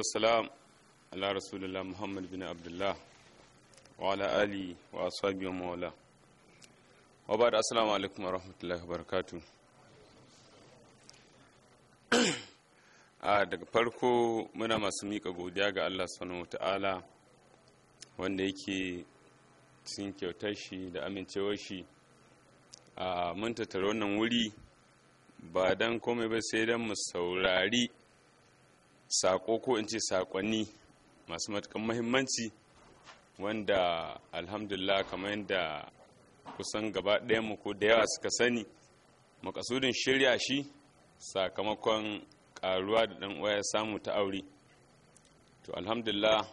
والسلام على رسول الله محمد بن عبد الله وعلى آله وأصحابه وموالاه وبعد السلام عليكم ورحمة الله وبركاته a daga farko muna masu miƙa godiya ga Allah subhanahu wata'ala wanda yake cikin kyautar shi da amincewar shi a mun tattara wannan wuri ba don komai ba sai don mu saurari saƙo ko in ce saƙonni masu matukan mahimmanci wanda alhamdulillah kamar yadda kusan gaba mu ko da yawa suka sani makasudin shirya shi sakamakon ƙaruwa da ɗan ya samu ta aure to alhamdulillah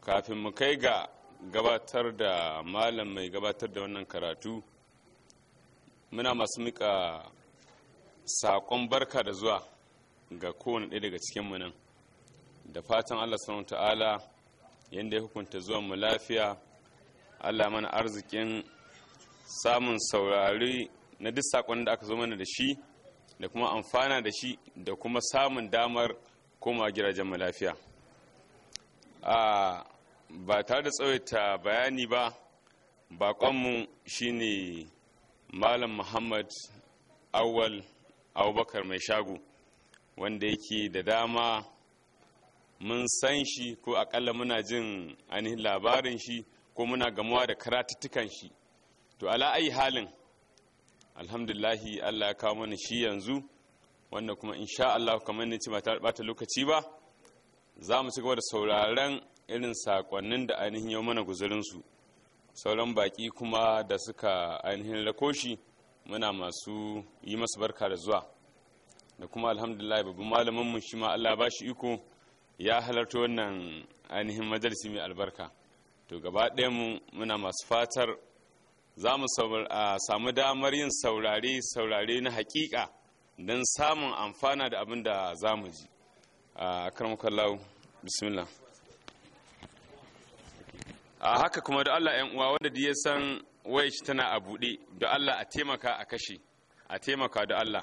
kafin mu kai ga gabatar da malam mai gabatar da wannan karatu muna masu mika saƙon barka da zuwa ga kowane ɗaya daga cikin nan da fatan allah subhanahu ta'ala yadda ya hukunta zuwan mu lafiya allah mana arzikin samun saurari na duk saƙon da aka zo mana da shi da kuma amfana da shi da kuma samun damar koma gidajen mu lafiya ba tare da tsawaita bayani ba baƙonmu shine malam muhammad awal abubakar mai shago wanda yake da dama mun san shi ko akalla muna jin ainihin labarin shi ko muna gamuwa da karatuttukan shi to ala ayi halin alhamdulahi allah ya kawo mana shi yanzu wanda kuma insha allah kamar ne ce ba bata lokaci ba za mu ci gaba da sauraren irin sakonnin da ainihin yau mana guzurinsu sauran baki kuma da suka ainihin rakoshi muna masu yi masu barka da zuwa da kuma alhamdulillah babban malamin mu shi ma Allah ba shi iko ya halarta wannan ainihin majalisi mai albarka to gaba ɗaya mu muna masu fatar za mu samu damar yin saurare saurare na hakika don samun amfana da abin da za mu ji a karmakallahu bismillah a haka kuma da allah yan uwa wanda ya san wayar tana a buɗe da allah a taimaka a kashe a taimaka da allah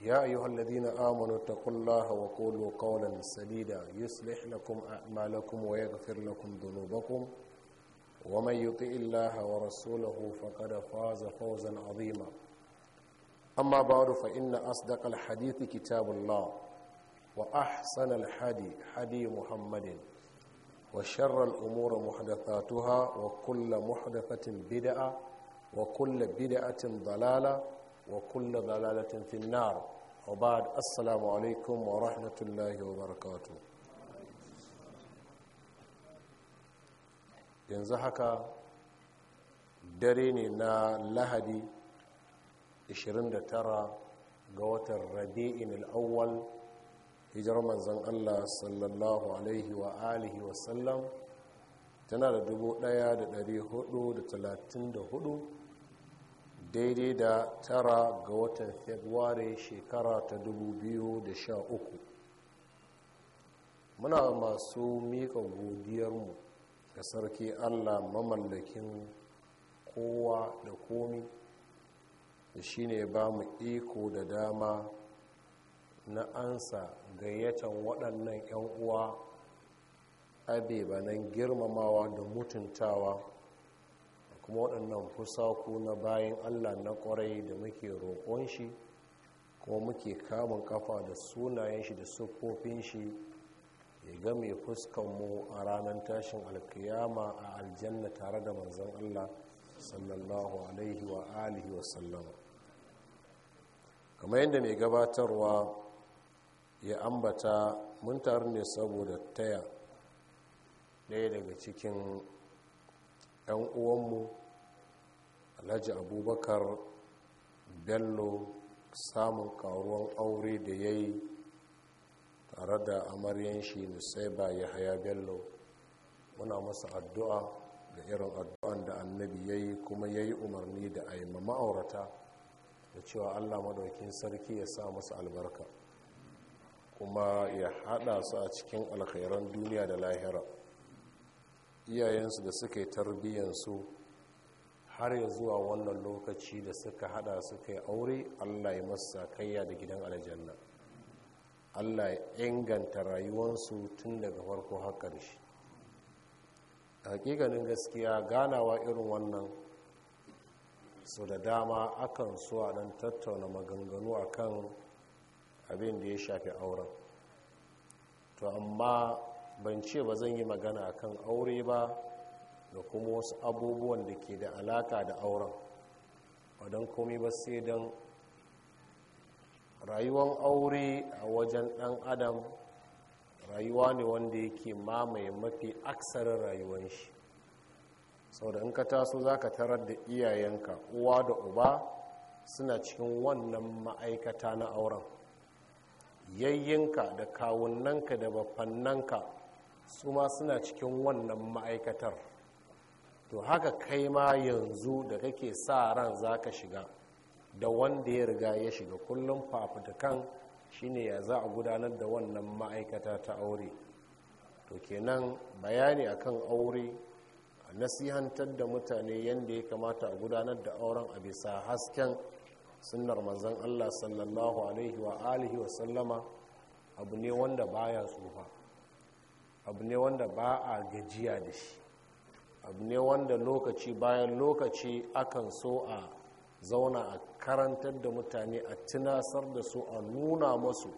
يا أيها الذين آمنوا اتقوا الله وقولوا قولا سديدا يصلح لكم أعمالكم ويغفر لكم ذنوبكم ومن يطع الله ورسوله فقد فاز فوزا عظيما أما بعد فإن أصدق الحديث كتاب الله وأحسن الحدي حدي محمد وشر الأمور محدثاتها وكل محدثة بدعة وكل بدعة ضلالة wa kulla dalalatin finnar wa ba'ad assalamu alaikum wa rahmatullahi wa barakatu yanzu haka dare ne na lahadi 29 ga watan rabi'in al'awwal hijar manzan allah sallallahu alaihi wa alihi wasallam tana da 1434 daidai da tara ga watan februari shekara ta 2013 muna masu mika godiyarmu ga sarki allah mamallakin kowa da komi da shi ne ba mu iko da dama na ansa gayyatan waɗannan 'yan uwa banan girmamawa da mutuntawa kuma waɗannan ku na bayan allah na ƙwarai da muke roƙon shi kuma muke kamun kafa da sunayen shi da siffofin shi ya game fuskanmu a ranar tashin alkiyama a aljanna tare da manzan allah sallallahu alaihi wa alihi wa sallama kamar yadda mai gabatarwa ya ambata mun taru ne saboda taya ɗaya daga cikin yan uwanmu alhaji abubakar bello samun karuwan aure da ya yi tare da amaryan shi nusaiba ya haya bello muna masa addu'a da irin addu'an da annabi ya yi kuma ya yi umarni da aima ma'aurata da cewa allah madaukin sarki ya sa masa albarka kuma ya hada su a cikin alkhairan duniya da lahira iyayensu da suka yi tarbiyyansu har ya zuwa wannan lokaci da suka hada suka yi aure allah ya masa kayya da gidan aljanna allah ya inganta rayuwarsu tun daga farko haƙar shi hakikanin gaskiya ganawa irin wannan su da dama akan so a ɗan tattauna maganganu akan abin da ya shafi auren to amma ban ce ba zan yi magana kan aure ba da kuma wasu abubuwan da ke da alaka da auren ba don komai ba sai don rayuwan aure a wajen dan adam rayuwa ne wanda yake mamaye mafi aksarin rayuwan shi sau da in ka taso za ka tarar da iyayenka uwa da uba suna cikin wannan ma'aikata na auren yayyinka da kawunanka da bafannanka su ma suna cikin wannan ma'aikatar to haka kai ma yanzu da kake sa ran za ka shiga da wanda ya riga ya shiga kullum fafutukan shine ya za a gudanar da wannan ma'aikata ta aure to kenan bayani akan aure a nasihantar da mutane yadda ya kamata a gudanar da auren a bisa hasken sunnar manzon allah sallallahu alaihi wa alihi wa sallama abu ne wanda baya tsufa abu ne wanda ba a gajiya da shi abu ne wanda lokaci bayan lokaci akan so a zauna a karantar da mutane a tunasar da su a nuna masu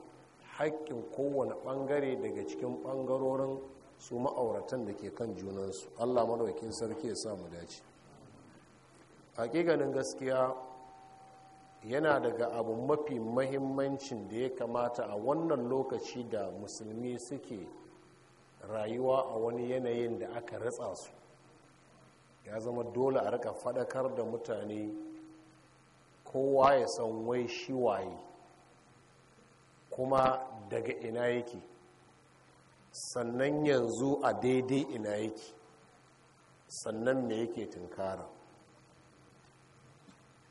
haƙƙin kowane ɓangare daga cikin ɓangarorin su ma'auratan da ke kan junansu allah maɗaukin sarki ya samu dace haƙiƙanin gaskiya yana daga abu mafi mahimmancin da ya kamata a wannan lokaci da musulmi suke rayuwa a wani yanayin da aka ratsa su ya zama dole a rika fadakar da mutane kowa ya san wai shi waye kuma daga ina yake sannan yanzu a daidai ina yake sannan me yake tunkara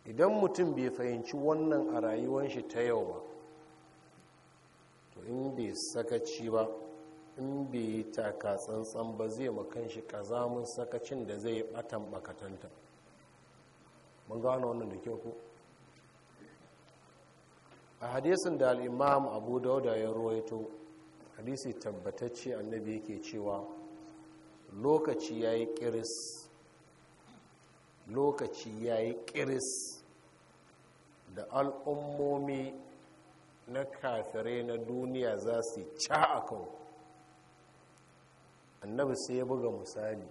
idan mutum bai fahimci wannan a rayuwar shi ta yau ba to in bai sakaci ba in bai yi taka tsantsan ba zai makan shi kazamun sakacin da zai batan bakatanta mun gano wannan da kyau ko a hadisin da al'imam abu dauda ya ruwaito hadisi tabbatacce annabi yake cewa lokaci ya yi kiris lokaci ya yi kiris da al'ummomi na kafirai na duniya za su ca a kawo annabi sai ya buga misali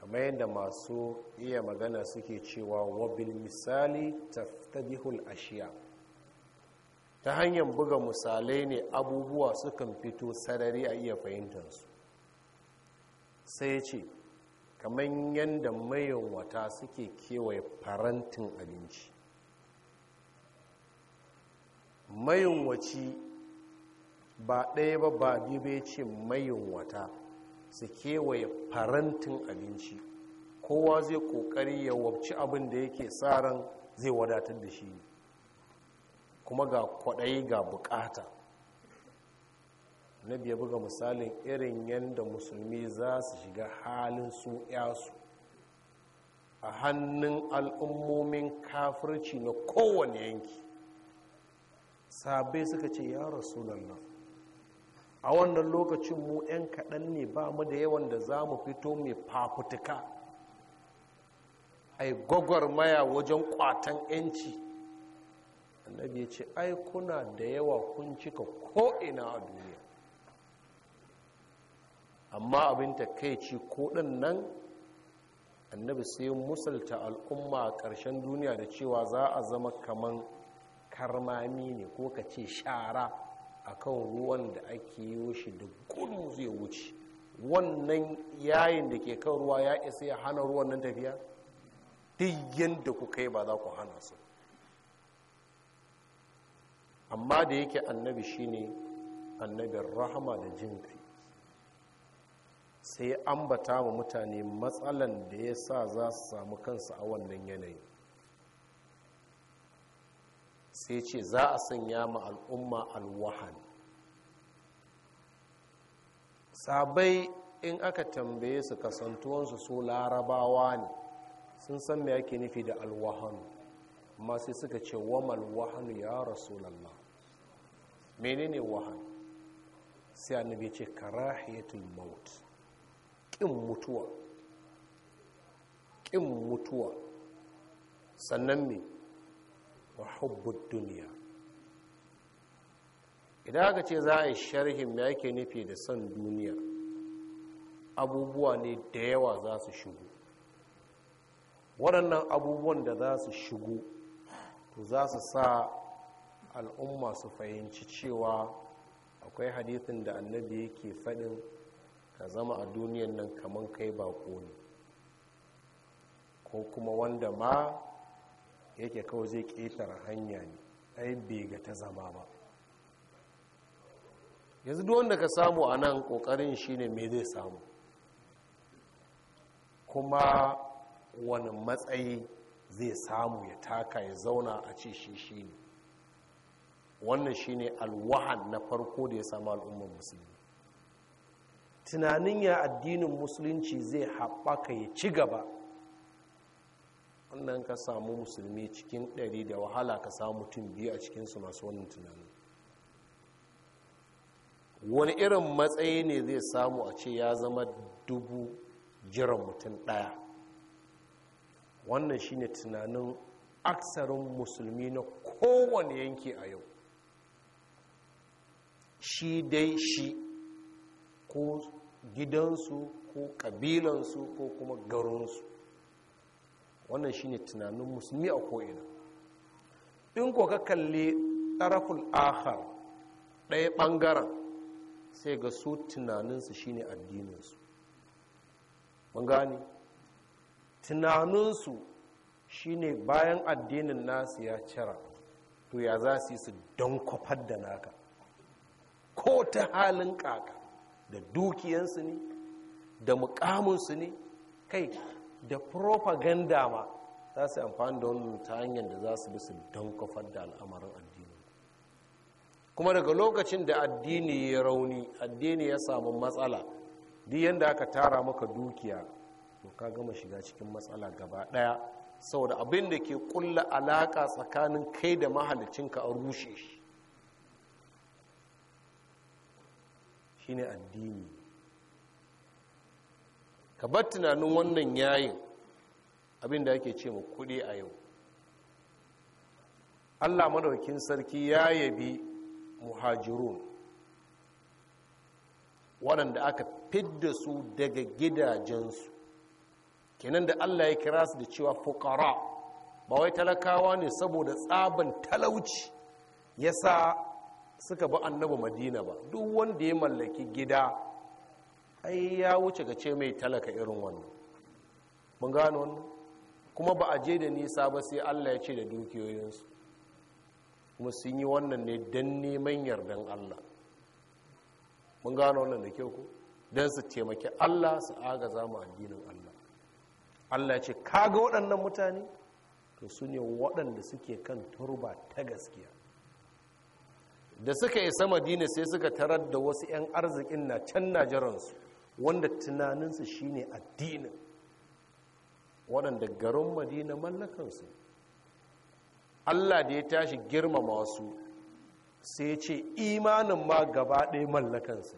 kamar yadda masu iya magana suke cewa wabil misali taftabihul ashiya ta hanyar buga misalai ne abubuwa sukan fito sarari a iya fahimtarsu sai ce kamar yadda wata suke kewaye farantin abinci mayunwaci ba ɗaya ba ba biyu bai ce mayunwata su kewaye farantin abinci kowa zai kokari ya wabci abin da yake sa ran zai wadatar da shi kuma ga kwaɗayi ga bukata na biya buga misalin irin yadda musulmi za su shiga halin su yasu a hannun al'ummomin kafirci na kowane yanki sabai suka ce ya rasu a wannan lokacin mu 'yan kaɗan ne ba mu da yawan da za mu fito mai fafutuka ai maya wajen kwatan 'yanci annabi ya ce ai kuna da yawa kun cika ko'ina a duniya amma abin ci ko ɗin nan annabi sai musulta al'umma a ƙarshen duniya da cewa za a zama kaman karmami ne ko ka ce shara akan ruwan da ake yi shi da gudu zai wuce wannan yayin da ke kan ruwa ya isa ya hana ruwan nan tafiya duk yadda ku kai ba za ku hana su amma da yake annabi shi ne annabin rahama da jin kai sai ambata wa mutane matsalan da ya sa za su samu kansu a wannan yanayin. sai ce za a sanya ma al'umma alwahan sabai in aka tambaye su kasantuwansu su larabawa ne sun san me ake nufi da alwahanu amma sai suka ce wa wahanu ya rasulallah menene wahan sai annabi ce karahiyatul maut kin mutuwa kin mutuwa sannan me wa hubbud duniya idan aka ce za a yi sharhin me yake nufi da son duniya abubuwa ne da yawa za su shigo waɗannan abubuwan da za su shigo to za su sa al'umma su fahimci cewa akwai hadisin da annabi yake faɗin ka zama a duniyan nan kamar kai bako ne ko kuma wanda ma yake kawai zai ƙetare hanya ne ai bai ga ta zama ba yanzu duk wanda ka samu a nan ƙoƙarin shi ne mai zai samu kuma wani matsayi zai samu ya taka ya zauna a ce shi shi ne wannan shi ne alwahan na farko da ya samu al'ummar musulmi tunanin ya addinin musulunci zai haɓaka ya ci gaba Sannan ka samu musulmi cikin ɗari da wahala ka samu mutum biyu a cikinsu masu wannan tunanin wani irin matsayi ne zai samu a ce ya zama dubu jiran mutum ɗaya wannan shine tunanin aksarin musulmi na kowane yanki a yau shi dai shi ko gidansu ko ƙabilansu ko kuma garinsu wannan shi ne tunanin musulmi a ko'ina in ko ka kalli taraful ahar ɗaya ɓangaren sai ga su tunaninsu shi ne addininsu mun gane tunaninsu ne bayan addinin nasu ya cira to ya za su yi su don kwafar da naka ko ta halin kaka da dukiyansu ne da mukaminsu ne kai da propaganda ma za su amfani da wannan ta hanyar da za su bi su don kofar da al'amarin addini kuma daga lokacin da addini ya rauni addini ya samu matsala duk yadda aka tara maka dukiya to ka gama shiga cikin matsala gaba daya saboda abin da ke kulla alaka tsakanin kai da mahalicinka a rushe shi shine addini ka bar tunanin wannan yayin abinda ake ce ma kudi a yau allah madaukin sarki ya yabi muhajirun waɗanda aka fidda su daga gidajensu kenan da allah ya kira su da cewa fukara ba wai talakawa ne saboda tsaban talauci ya sa suka ba annabi madina ba duk wanda ya mallaki gida ai ya wuce ga ce mai talaka irin wannan mun gano wannan kuma ba a je da nisa ba sai allah ya ce da dukiyoyinsu kuma sun yi wannan ne don neman yardan allah mun gano wannan da kyau ku don su taimaki allah su agaza mu addinin allah allah ya ce kaga waɗannan mutane to su ne waɗanda suke kan turba ta gaskiya da suka isa madina sai suka tarar da wasu 'yan arzikin na can najeransu wanda tunaninsu shi ne addinin waɗanda garin madina mallakansu allah da ya tashi girmama wasu sai ce imanin ma gaba ɗaya mallakansu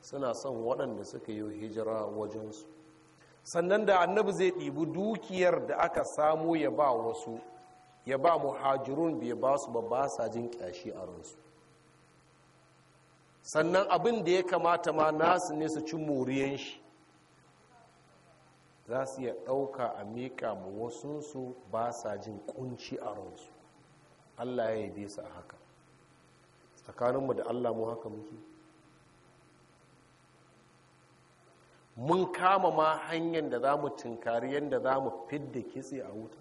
suna son waɗanda suka yi hijira wajensu sannan da annabi zai ɗibi dukiyar da aka samu ya ba wasu ya ba muhajirun bai ba su ba ba sa jin ƙyashi a ransu sannan abin da ya kamata ma nasu ne su ci moriyan shi za su iya ɗauka a miƙa ma wasunsu ba sa jin kunci a ransu allah ya yi su a haka tsakaninmu da allah mu haka muke mun kama ma hanyar da za mu tinkari yadda za mu fidda kitse a wuta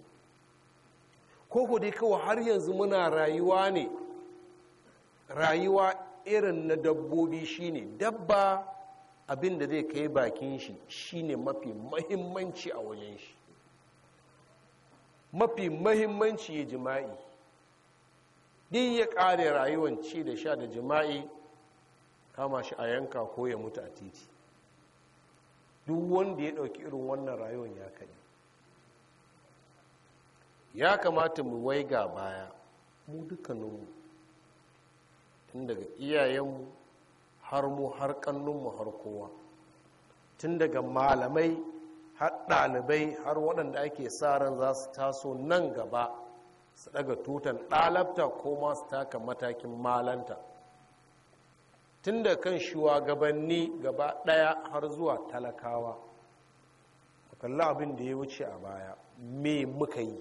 ko dai kawai har yanzu muna rayuwa ne rayuwa irin na dabbobi shine dabba abin da zai kai bakin shi shine mafi mahimmanci a wajen shi mafi mahimmanci ya jima'i din ya kare rayuwan ci da sha da jima'i kama shi a yanka ko ya mutu a titi duk wanda ya ɗauki irin wannan rayuwan ya kai ya kamata mu waiga baya mu dukkaninmu tun daga iyayenmu har mu har kannunmu har kowa tun daga malamai har ɗalibai har waɗanda ake sa ran za su taso nan gaba su daga tutan ɗalabta ko masu taka matakin malanta tun da kan shugabanni gaba ɗaya har zuwa talakawa kalli abin da ya wuce a baya me muka yi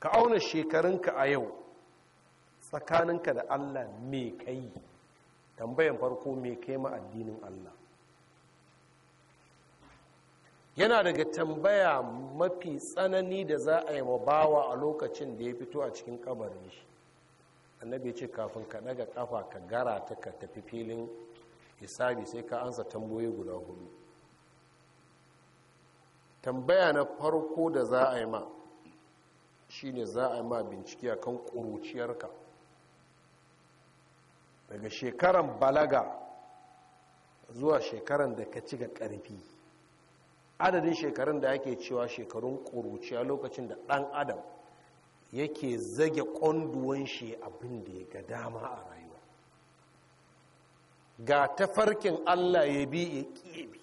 ka auna shekarunka a yau tsakaninka da Allah me kai tambayan farko mai kai ma addinin Allah yana daga tambaya mafi tsanani da za a yi wa bawa a lokacin da ya fito a cikin kabarin shi annabi ce kafin ka daga kafa ka gara ta ka tafi filin hisabi sai ka ansa tamboyi guda hudu tambaya na farko da za a yi ma shine za a yi ma bincike akan kuruciyarka daga shekaran balaga zuwa shekaran da ka ci ga ƙarfi adadin shekarun da ake cewa shekarun ƙuruciya lokacin da ɗan adam yake zage ƙonduwan shi abin da ya ga dama a rayuwa ga tafarkin allah ya bi ya ƙebe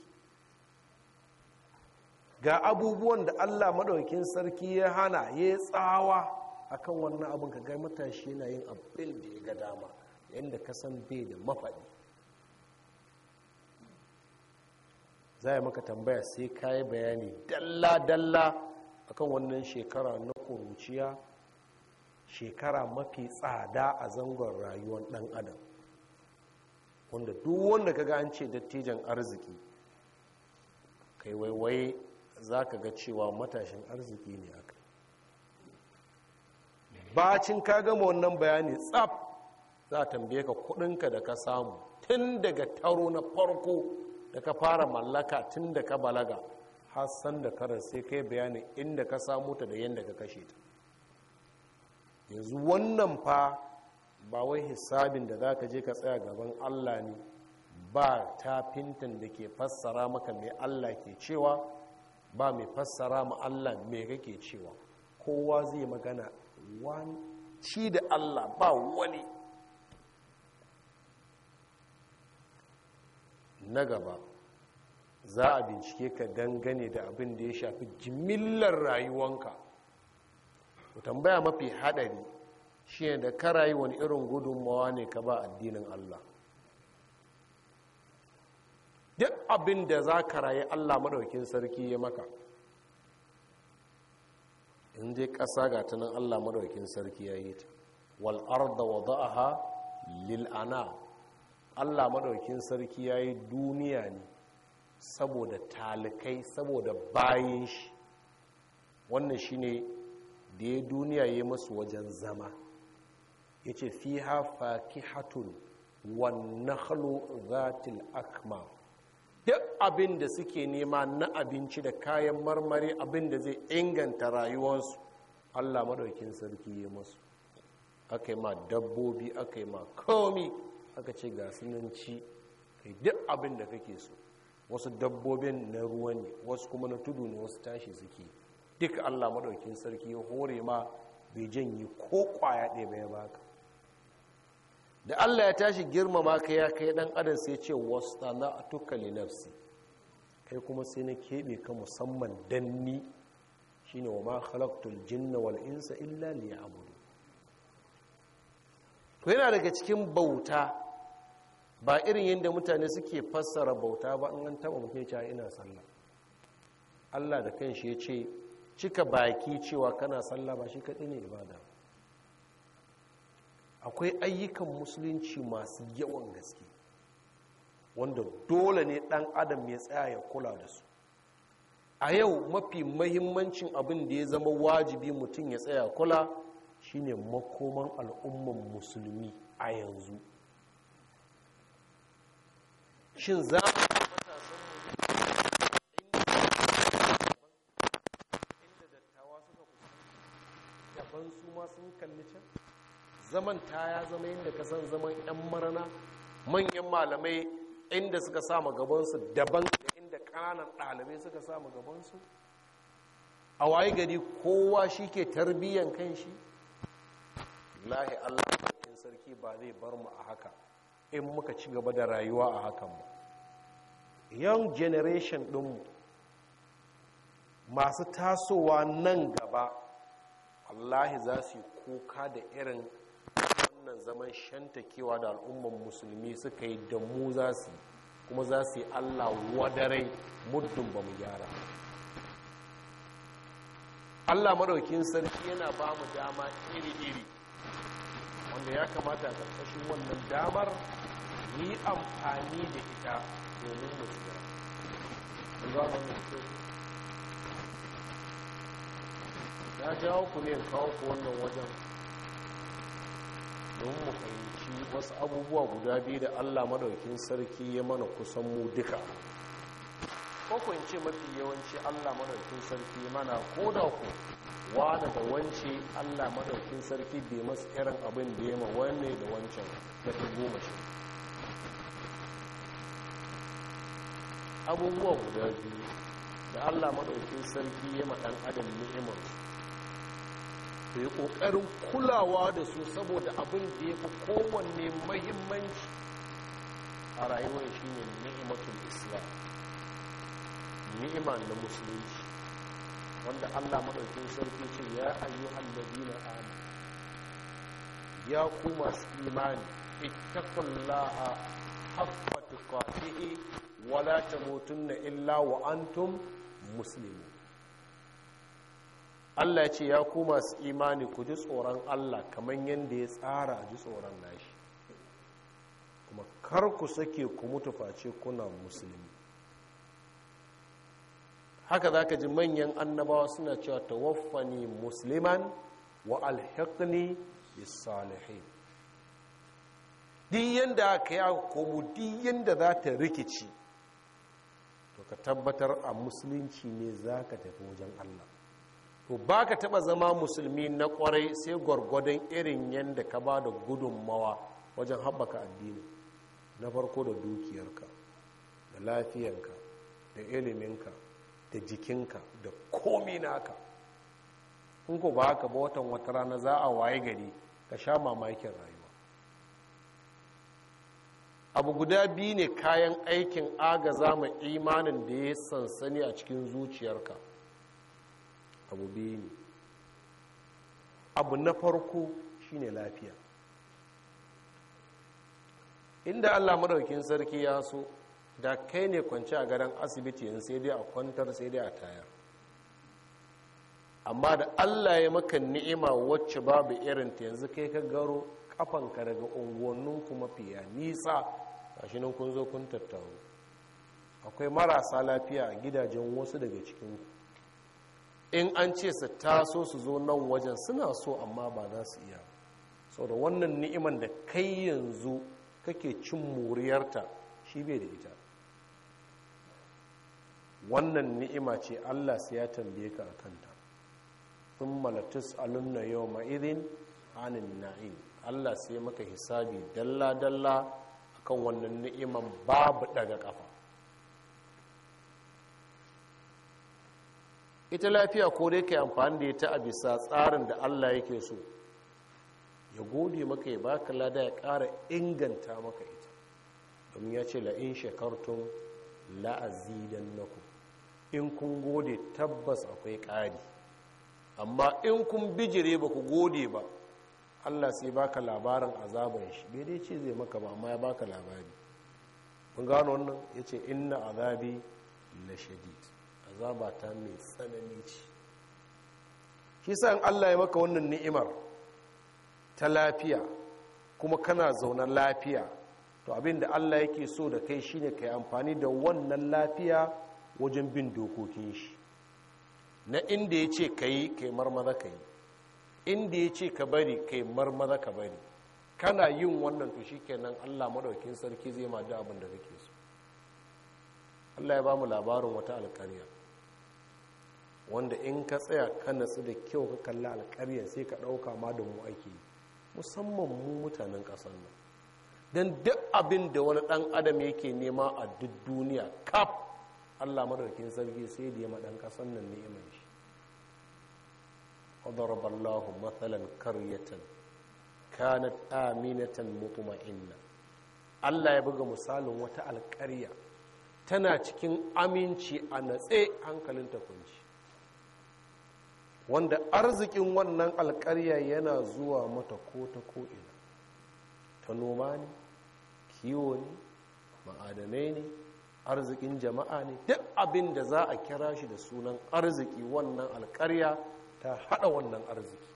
ga abubuwan da allah maɗaukin sarki ya hana ya tsawa akan wannan abin ka ga matashi yana yin abin da ya ga dama yadda ka san bai da mafaɗi za a maka tambaya sai ka yi bayani dalla-dalla akan wannan shekara na ƙuruciya shekara mafi tsada a zangon rayuwar ɗan adam wanda duk wanda ka ga an ce dattijan arziki kai waiwaye za ka ga cewa matashin arziki ne aka bacin ka gama wannan bayani tsaf za a tambaye ka kudinka da ka samu tun daga taro na farko da ka fara mallaka tun da ka balaga har da karar sai kai bayanin inda ka samu ta da yadda ka kashe ta yanzu wannan fa ba wai hisabin da za ka je ka tsaya gaban allah ne ba tafintan da ke fassara maka mai allah ke cewa ba mai fassara ma allah mai kake cewa kowa zai magana wani da allah ba wani na gaba za a bincike ka dangane da abin da ya shafi jimillar rayuwanka ku tambaya mafi haɗari shi da ka rayu irin gudunmawa ne ka ba addinin Allah duk abin da za ka rayu Allah maɗaukin sarki ya maka in dai ƙasa ga tunan Allah maɗaukin sarki ya yi ta wal'ar da ha lil'ana allah maɗaukin sarki ya yi duniya ne saboda talikai saboda bayan shi wannan shi ne da ya duniya ya masu wajen zama ya ce fi hafa ki hatun wannan halo akma duk abin da suke nema na abinci da kayan marmari abin da zai inganta rayuwarsu allah maɗaukin sarki ya masu aka yi ma dabbobi aka yi ma komi aka ce ga sunan ci kai duk abin da kake so wasu dabbobin na ruwa ne wasu kuma na tudu ne wasu tashi suke duk allah maɗaukin sarki ya hore ma bai janye ko kwaya ɗaya bai baka da allah ya tashi girmama ka ya kai ɗan adam sai ce wasu tana a tukali nafsi kai kuma sai na keɓe ka musamman danni shine wa ma halaktul jinna wal insa illa ne. to yana daga cikin bauta ba irin yadda mutane suke fassara bauta ba an an taba mutum ya ina sallah Allah da kanshi ya ce cika baki cewa kana sallah ba shi kaɗi ne ibada akwai ayyukan musulunci masu yawan gaske wanda dole ne ɗan adam ya tsaya ya kula da su a yau mafi mahimmancin abin da ya zama wajibi mutum ya tsaya kula shine makoman al'umman musulmi a yanzu shin za daban su ma sun kalli can zaman ta ya zama inda ka san zaman 'yan marana manyan malamai inda suka sama gabansu daban da inda ƙananan ɗalibai suka sama gabansu a waye gari kowa shi ke tarbiyyan kan shi lahi allah sarki ba zai bar mu a haka in muka ci gaba da rayuwa a hakan ba young generation ɗinmu masu tasowa nan gaba wallahi za su yi kuka da irin wannan zaman shantakewa da al'umman musulmi suka yi da mu za su kuma za su yi allah wadarai muddin ba mu gyara allah maraukin sarki yana ba mu dama iri-iri wanda ya kamata a ƙarƙashin wannan damar yi amfani da ita domin mutuwa ya jawo ku ne kawo ku wannan wajen don mu fahimci wasu abubuwa guda biyu da allah madaukin sarki ya mana kusan mu duka ko ce mafi yawanci Allah madaukin sarki mana ko da ku wa da wance Allah madaukin sarki bai masu irin abin da ya ma da wancan da ta goma shi abubuwa guda biyu da Allah madaukin sarki ya ma adam ni'imar da ya ƙoƙarin kulawa da su saboda abin da ya fi kowanne mahimmanci a rayuwar shi ne ni'imatul islam ni'ima na musulunci wanda allah maɗaukin sarki ce ya ayyu allabi na amu ya ku masu imani ittaqullaha haqqa tuqatihi wa mutum na illa wa antum musulmi Allah ce ya ku masu imani ku ji tsoron Allah kamar yadda ya tsara ji tsoron nashi kuma kar ku sake ku mutu face kuna musulmi haka za ka ji manyan annabawa suna cewa tawaffani musliman wa alhaƙni bisalihin diyan da aka yi komo diyan da za ta rikici to ka tabbatar a musulunci ne za ka tafi wajen allah to ba ka taɓa zama musulmi na kwarai sai gwargwadon irin yadda ka ba da gudunmawa wajen haɓaka addini na farko da dukiyarka da lafiyanka da iliminka da jikinka da komi naka in ko ba haka ba watan wata rana za a waye gari ka sha mamakin rayuwa abu guda biyu ne kayan aikin agaza ma imanin da ya sansani a cikin zuciyarka abu biyu ne abu na farko shine lafiya inda allah maɗaukin sarki ya so da kai ne kwanci a gadon asibiti yin sai dai a kwantar sai dai a taya amma da allah ya maka ni'ima wacce babu irinta yanzu kai ka garo ka daga unguwannin unguwanninku mafiya nisa shi nan kun zo kun tattaru akwai marasa lafiya a gidajen wasu daga cikin in an ce su taso su zo nan wajen suna so amma ba za su iya sau da wannan ni'iman da kai yanzu kake cin moriyarta shi bai da ita wannan ni'ima ce allah sai ya tambaye ka a kanta sun malatus alumna yau ma'irin hannun na'im allah sai maka hisabi dalla-dalla akan wannan ni'iman babu daga kafa ita lafiya ko dai ka amfani da ita a bisa tsarin da allah yake so ya gode maka ya baka lada ya kara inganta maka ita domin ya ce la'in shekartun la'azidan naku in kun gode tabbas akwai ƙari amma in kun bijire ba ku gode ba allah sai baka labarin azaban shi bai dai ce zai maka ba amma ya baka labari Mun gano wannan ya ce inna azabi na shadid azaba mai tsanani ce shi sa allah ya maka wannan ni'imar ta lafiya kuma kana zauna lafiya to abinda allah yake so da kai shine ka yi amfani da wannan lafiya wajen bin dokokin shi na inda ya ce ka yi kai marmaza ka yi inda ya ce ka bari kai marmaza ka bari kana yin wannan to shi kenan allah maɗaukin sarki zai ma da abin da kake so allah ya ba mu labarin wata alkarya wanda in ka tsaya ka natsu da kyau ka kalli alkarya sai ka ɗauka ma da mu ake musamman mu mutanen ƙasar nan don duk abin da wani ɗan adam yake nema a duk duniya kaf allah madarkin sarki sai da ya maɗan ƙasan nan iman shi وضرب الله مثلا قرية كانت آمنة Allah ya buga misalin wata القرية tana cikin aminci a natse hankalin ta kunci wanda arzikin wannan alƙarya yana zuwa mata ko ta ko'ina ta noma ne kiwo ne ma'adanai ne arzikin jama'a ne duk abin da za a kira shi da sunan arziki wannan alkarya ta hada wannan arziki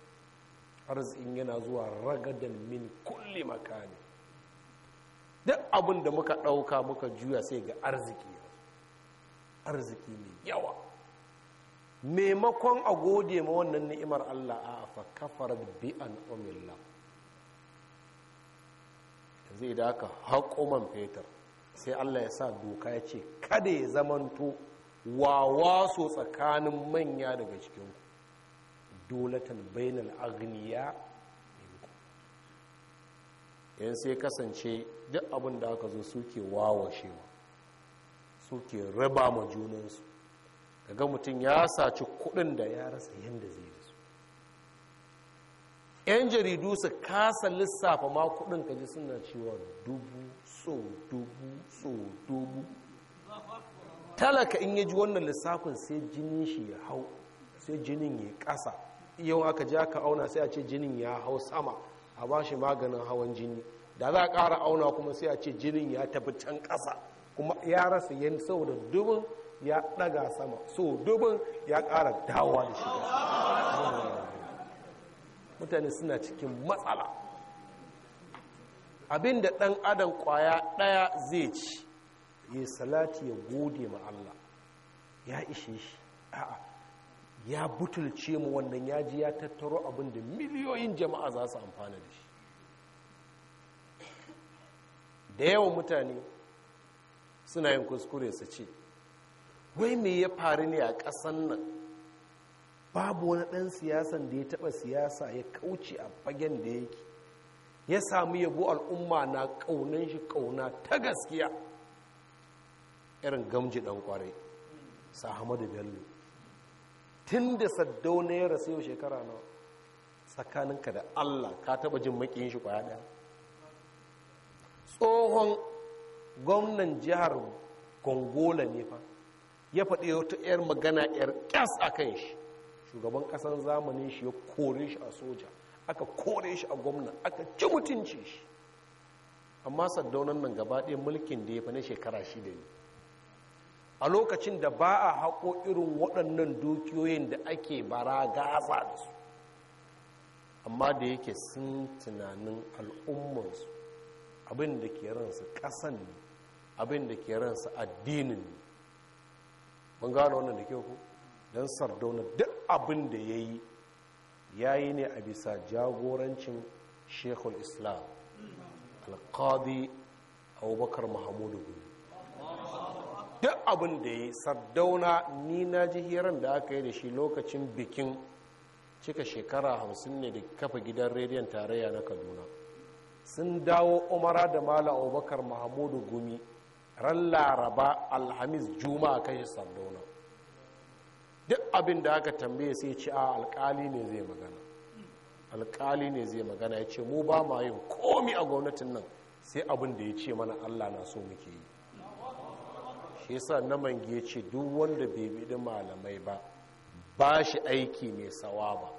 arzikin yana zuwa ragadan min kulli makani duk abin da muka ɗauka muka juya sai ga arziki arziki mai yawa maimakon a gode ma wannan ni'imar Allah a fa kafar bi an umillah yanzu idan aka haƙo man fetur sai allah ya sa doka ya ce kada ya zamanto wawaso tsakanin manya daga cikinku dolatan bainal agniya yan sai kasance duk abin da aka zo suke wawashewa suke raba ma junansu daga mutum ya saci kudin da ya rasa yadda zai yi su yan jaridu su kasa lissafa ma kudin kaji suna cewa dubu so dubu so dubu talaka in yaji wannan lissafin sai jinin shi ya hau sai jinin ya kasa yau aka ji aka auna sai a ce jinin ya hau sama a ba shi maganin hawan jini da za a ƙara auna kuma sai a ce jinin ya tafi can ƙasa kuma ya rasa sau da dubin ya ɗaga sama so dubin ya ƙara dawa da shiga mutane suna cikin matsala abin da ɗan adam ƙwaya ɗaya zai ci ya salati ya gode ma Allah ya ishe shi a'a ya butulce mu wannan ya ji ya tattaro abin da miliyoyin jama'a za su amfana da shi da yawan mutane suna yin kuskure su ce wai me ya faru ne a ƙasan nan babu wani ɗan siyasan da ya taɓa siyasa ya kauce a fagen da yake ya samu yabo al'umma na ƙaunan shi ƙauna ta gaskiya irin gamji dan ƙwarai sa bello tun da Saddau na ya rasu yau shekara na tsakaninka da allah ka taɓa jin makin shi ƙwaya ɗaya tsohon gwamnan jihar gongola ne fa ya faɗi wata 'yar magana 'yar ƙyas a kan shi shugaban ƙasan zamanin shi ya kore shi a soja aka kore shi a gwamna aka ci mutunci shi amma sadaunan nan gaba ɗaya mulkin da ya fi na shekara shida ne a lokacin da ba a haƙo irin waɗannan dukiyoyin da ake bara gasa da su amma da yake sun tunanin al'ummansu abin da ke ransu ƙasan ne abin da ke ransu addinin ne mun gano wannan da ke ku don sardauna duk abin da ya yi ya yi ne a bisa jagorancin shekul islam alkadi abubakar mahamudu gumi duk abin da ya yi sardauna ni na ji hiran da aka yi da shi lokacin bikin cika shekara hamsin ne da kafa gidan rediyon tarayya na kaduna sun dawo umara da mala abubakar mahamudu gumi ran laraba alhamis juma'a kashe sardauna duk abin da aka tambaye sai ce a alkali ne zai magana alkali ne zai magana ya ce mu ba ma yin komi a gwamnatin nan sai abin da ya ce mana allah na so muke yi shi yasa na ya ce duk wanda bai biɗi malamai ba ba shi aiki mai sawa ba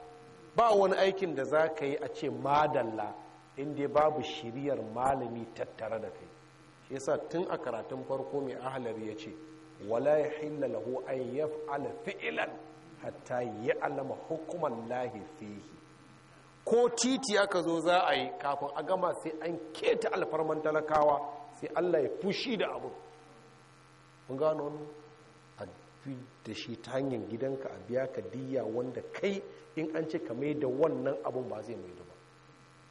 ba wani aikin da za ka yi a ce madalla inda babu shiriyar malami tattare da kai shi yasa tun a karatun farko mai ahalari ya ce wala yahilla lahu an yaf'ala fi'ilan, hatta alama hukuman lahi fihi ko titi aka zo za a yi kafin a gama sai an keta alfarman talakawa sai Allah ya fushi da abu mun gano wani. a fi da shi ta hanyar gidanka a biya ka diya wanda kai in an ce ka mai da wannan abun ba zai mai da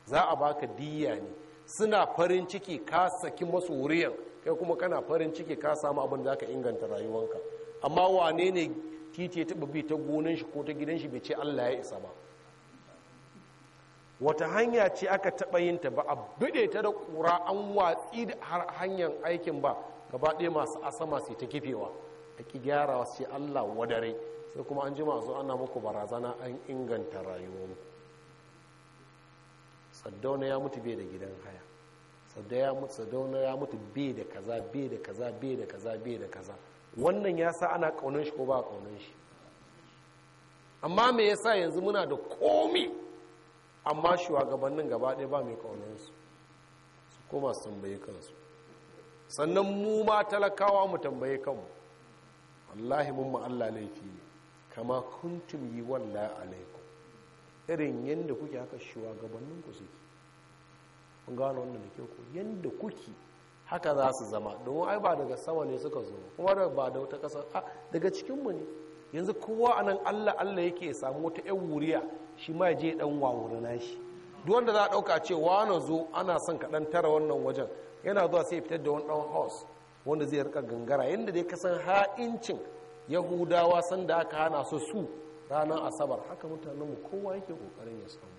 za a baka diya ne suna farin ciki ka saki masu wuriyar kai kuma kana farin ciki ka samu abin da ka inganta rayuwanka amma wane ne titi ta bi ta gonan shi ko ta gidan shi bai ce Allah ya isa ba wata hanya ce aka taba yin ta ba a bide ta da ƙura an watsi da hanyar aikin ba gaba ɗaya masu asama sai ta kifewa a ki wasu sai Allah wadare sai kuma an ji masu ana muku barazana an inganta rayuwanku saddauna ya mutu bai da gidan haya sada ya mutu sadauna ya mutu be da kaza be da kaza be da kaza be da kaza wannan ya sa ana kaunin shi ko ba kaunin shi amma me sa yanzu muna da komi amma shugabannin gaba ɗaya ba mai kaunin su su koma su tambaye kansu sannan mu ma talakawa mu tambaye kanmu wallahi mun Allah laifi ne kama kuntum yi wallahi alaikum irin yadda kuke haka shugabannin ku suke kun gano wannan da ku yadda kuki haka za su zama domin ai ba daga sama ne suka zo kuma ba da wata ƙasa daga cikinmu ne yanzu kowa a nan allah allah yake samu wata yan wuriya shi ma je dan wawuri na shi duk wanda za a ɗauka ce na zo ana son kaɗan tara wannan wajen yana zuwa sai fitar da wani ɗan haus wanda zai rika gangara yadda dai kasan ha'incin yahudawa sanda aka hana su su ranar asabar haka mutanenmu kowa yake ƙoƙarin ya samu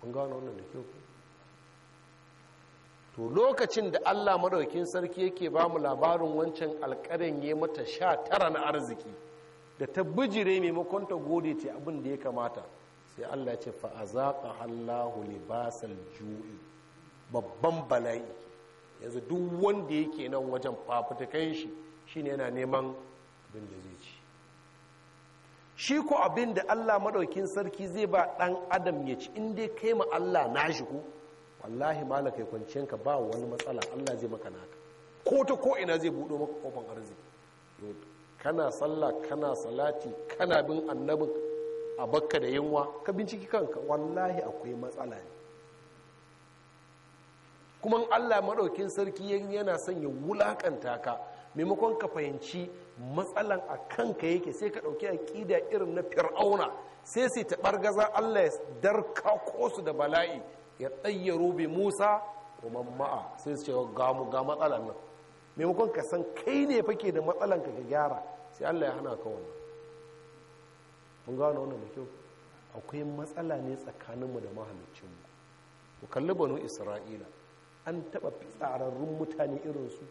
kun gano wannan da kyau to lokacin da Allah maɗaukin sarki yake ba mu labarin wancan alƙarin ya mata sha tara na arziki da ta bijire maimakon ta gode ce abin da ya kamata sai Allah ce fa'azaƙa Allahu libasan ju'i babban bala'i yanzu duk wanda yake nan wajen fafutukan shi ne yana neman abin da zai ci shi ko abin da Allah maɗaukin sarki zai ba ɗan adam ya ci inda kai ma Allah na shi ko wallahi kwanciyar ka ba wani matsala Allah zai maka naka ko ta ko ina zai buɗo maka kofan arziki kana sallah kana salati kana bin annabin a bakka da yunwa ka binciki kanka wallahi akwai matsala ne kuma Allah maɗaukin sarki yana son ya wulakanta ka maimakon ka fahimci matsalan a kanka yake sai ka ɗauki aƙida irin na fir'auna sai sai ta ɓargaza allah ya darka ko su da bala'i ya tsayyaro rubi musa kuma mamma'a sai su cewa oh, ga mu ga matsalan nan maimakon ka san kai ne fa ke da matsalan ka ka gyara sai allah ya hana ka wannan mun gano wannan da kyau akwai matsala ne tsakaninmu da mahalicinmu ku kalli banu isra'ila an taɓa fitsararrun mutane irinsu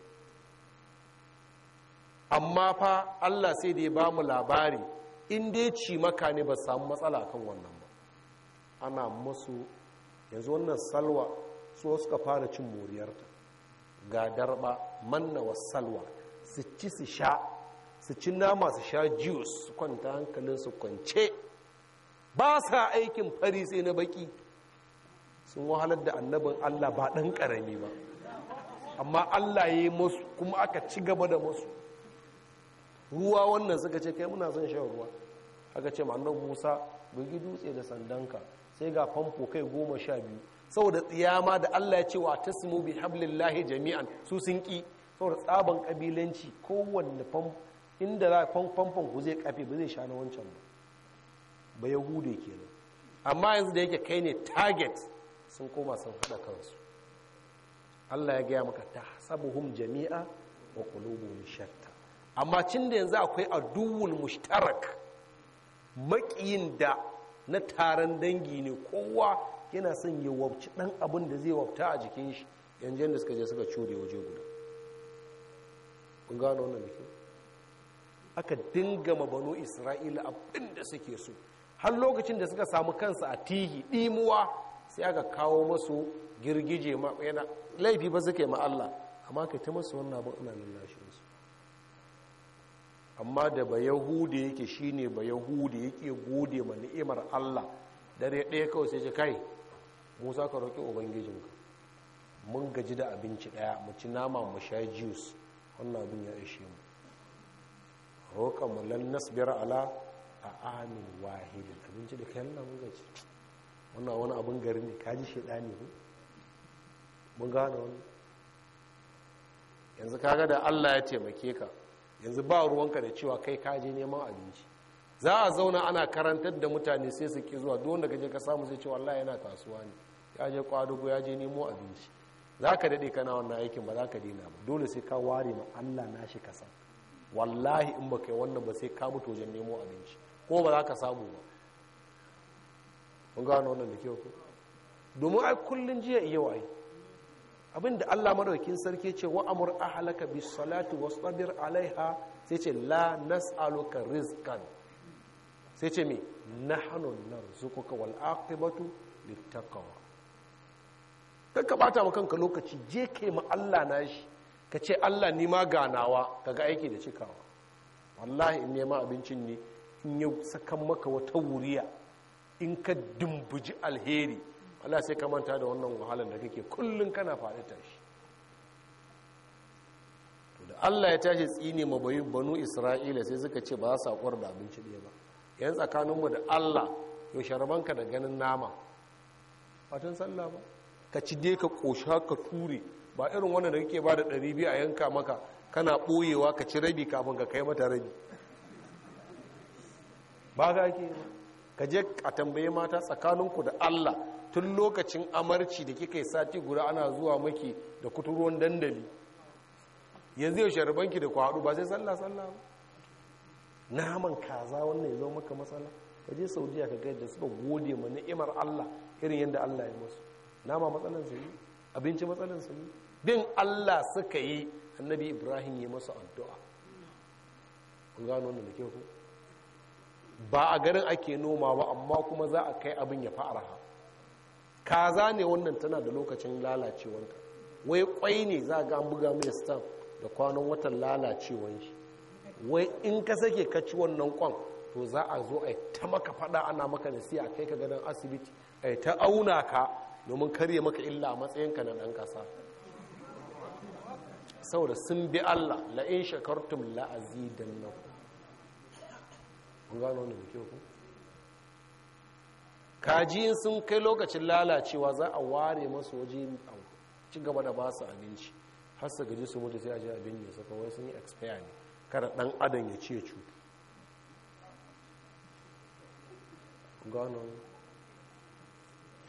amma fa allah sai da ya ba mu labari in dai ci maka ne ba samu matsala kan wannan ba ana masu yanzu wannan salwa so suka fara cin moriyarta ga darba manna wa salwa su ci su sha su ci nama su sha juice su kwanta hankalin su kwance ba sa aikin fari sai na baki sun wahalar da annabin allah ba ɗan ƙarami ba amma allah ya yi masu kuma aka ci gaba da masu ruwa wannan suka ce kai muna son shan ruwa aka ce ma'anar musa bugi dutse da sandanka sai ga famfo kai goma sha biyu saboda tsiyama da allah ya ce wa ta simo bi hablillahi jami'an su sun ƙi saboda tsaban ƙabilanci kowanne inda za famfon ku zai kafe ba zai sha na wancan ba ba ke kenan amma yanzu da yake kai ne target sun koma sun haɗa kansu allah ya gaya maka ta sabuhum jami'a wa qulubuhum shatta amma cin da yanzu akwai aduwun mushtarak makiyin da na taron dangi ne kowa yana son ya wabci dan abin da zai wabta a jikin shi yanjen da suka je suka cure waje guda kun gano wannan da aka dinga mabano isra'ila abin da suke so har lokacin da suka samu kansa a tihi ɗimuwa sai aka kawo masu girgije yana laifi ba suke ma Allah amma ka ta masu wannan abin ina lullashi amma da ba yahudu yake ne ba yahudu yake gode ma ni'imar Allah dare ɗaya kawai sai ce kai musa ka roƙi ubangijinka mun gaji da abinci ɗaya mu ci nama mu sha juice wannan abin ya ishe mu roƙa mu lan biyar ala a amin wahidin abinci da kai nan mun gaji wannan wani abin gari ne kaji shedani ne mun gane wani yanzu kaga da Allah ya taimake ka yanzu ba ruwanka da cewa kai kaje neman abinci za a zauna ana karantar da mutane sai su ke zuwa don da kaje ka samu sai cewa Allah yana kasuwa ne ya je kwadugo ya je nemo abinci za ka daɗe kana wannan aikin ba za ka daina ba dole sai ka ware ma Allah na shi kasa wallahi in ba kai wannan ba sai ka mutu wajen nemo abinci ko ba za ka samu ba mun gano wannan da kyau ko domin ai kullun jiya iya wa'ai abinda Allah maɗaukin sarki ce wa amur ahlaka Salatu wasu tsabir alaiha sai ce la nas'aluka rizkan sai ce me nahnu narzuquka wal aqibatu littaqwa kakka bata wa kanka lokaci je ke ma Allah na shi. ka ce Allah ni ma ganawa ga aiki da cikawa wallahi in nema abincin ne in ya sakan maka wata wuriya in ka dimbuji alheri Allah sai ka manta da wannan wahalar da kake kullun kana faɗi tashi to da Allah ya tashi tsine ma banu Isra'ila sai suka ce ba sa kwar da abinci ɗaya ba yan tsakaninmu da Allah yau ka da ganin nama fatan sallah ba ka ci dai ka kosha ka ture ba irin wannan da kake ba da 200 a yanka maka kana boyewa ka ci rabi kafin ka kai mata rabi ba ga ke ka je a tambaye mata tsakaninku da Allah tun lokacin amarci da kika yi sati guda ana zuwa maki da kuturuwan dandali yanzu yau sharabanki da ku haɗu ba sai sallah sallah naman kaza wannan ya zo maka matsala ka je saudiya ka ga da suka gode ma ni'imar allah irin yadda allah ya masu. nama matsalan su yi abinci matsalan su yi bin allah suka yi annabi ibrahim ya masu addu'a kun gano wannan da ke ku ba a garin ake noma ba amma kuma za a kai abin ya fa'ara kaza ne wannan tana da lokacin lalacewanta wai kwai ne za ga buga mai stamp da kwanan watan lalacewan shi wai in ka sake ka ci wannan kwan to za a zo a ta maka fada ana maka nasiya kai ka gadon asibiti a ta auna ka domin karye maka illa a ka na ɗan ƙasa saboda sun bi Allah la'in shakartum la'azidan nan. Kun gano da ku? kaji sun kai lokacin lalacewa za a ware masu waje ci gaba da ba abinci har su gaji su mutu sai a ji abin ya saka wai sun yi expire ne kada dan adam ya ce cutu gano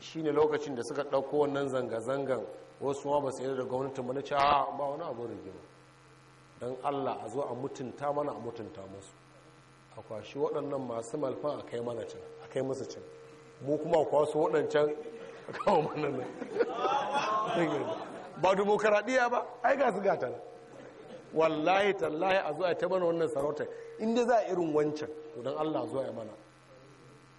shi ne lokacin da suka ɗauko wannan zanga-zangan wasu ma ba su yi da gwamnatin mana ce a ba wani abu rigima don allah a zo a mutunta mana a mutunta musu a kwashi waɗannan masu malfan a kai mana a kai musu can mu kuma kwaso waɗancan kawo manan nan ba dimokuraɗiyya ba ai ga su gata nan wallahi tallahi a zuwa ta mana wannan sarauta inda za a irin wancan to don allah zuwa ya mana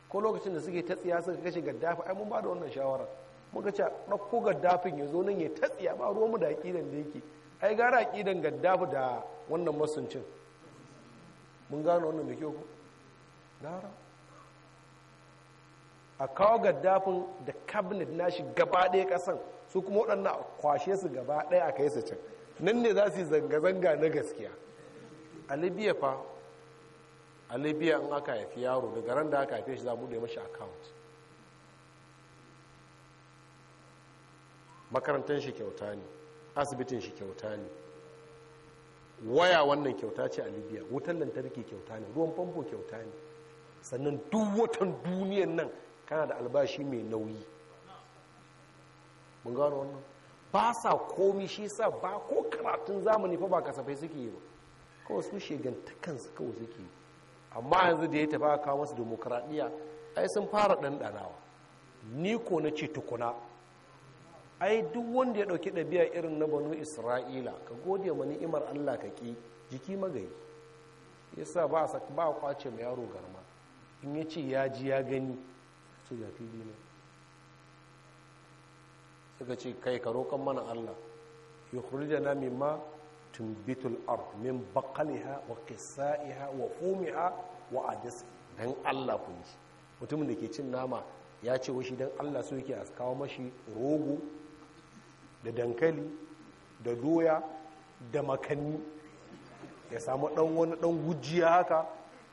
ko lokacin da suke tatsiya suka kashe gaddafi ai mun ba da wannan shawara muka ce ɗauko gaddafin ya zo nan ya tatsiya ba ruwanmu da aƙidan da yake ai gara aƙidan gaddafi da wannan masuncin mun gano wannan da kyau ko gara a kawo gaddafin da cabinet nashi gaba ɗaya kasan su kuma waɗannan a kwashe su gaba ɗaya a kai su can nan ne za su yi zanga-zanga na gaskiya a libya fa a libya in aka haifi yaro daga ran da aka haife shi za buɗe mashi account makarantar shi kyauta ne asibitin shi kyauta ne waya wannan kyauta ce a libya wutan lantarki kyauta ne ruwan famfo kyauta ne sannan duk watan duniyan nan kana da albashi mai nauyi mun gano wannan ba sa komi shi sa ba ko karatun zamani fa ba kasafai suke yi ba kawai su shegantakansu kawai suke yi amma yanzu da ya tafi a kawo masu demokradiyya ai sun fara ɗanɗanawa ni ko na ce tukuna ai duk wanda ya ɗauki ɗabi'a irin na banu isra'ila ka gode ma ni'imar allah ka ƙi jiki magayi yasa ba a kwace ma yaro garma in ya ce ya ji ya gani su ya fili ne suka ce kai ka roƙon mana Allah na mimma tumbitul ar min baqaliha wa qissaiha wa fumiha wa adis dan Allah ku mutumin da ke cin nama ya ce wa shi dan Allah su yake a kawo mashi rogo da dankali da doya da makanni ya samu dan wani dan gujiya haka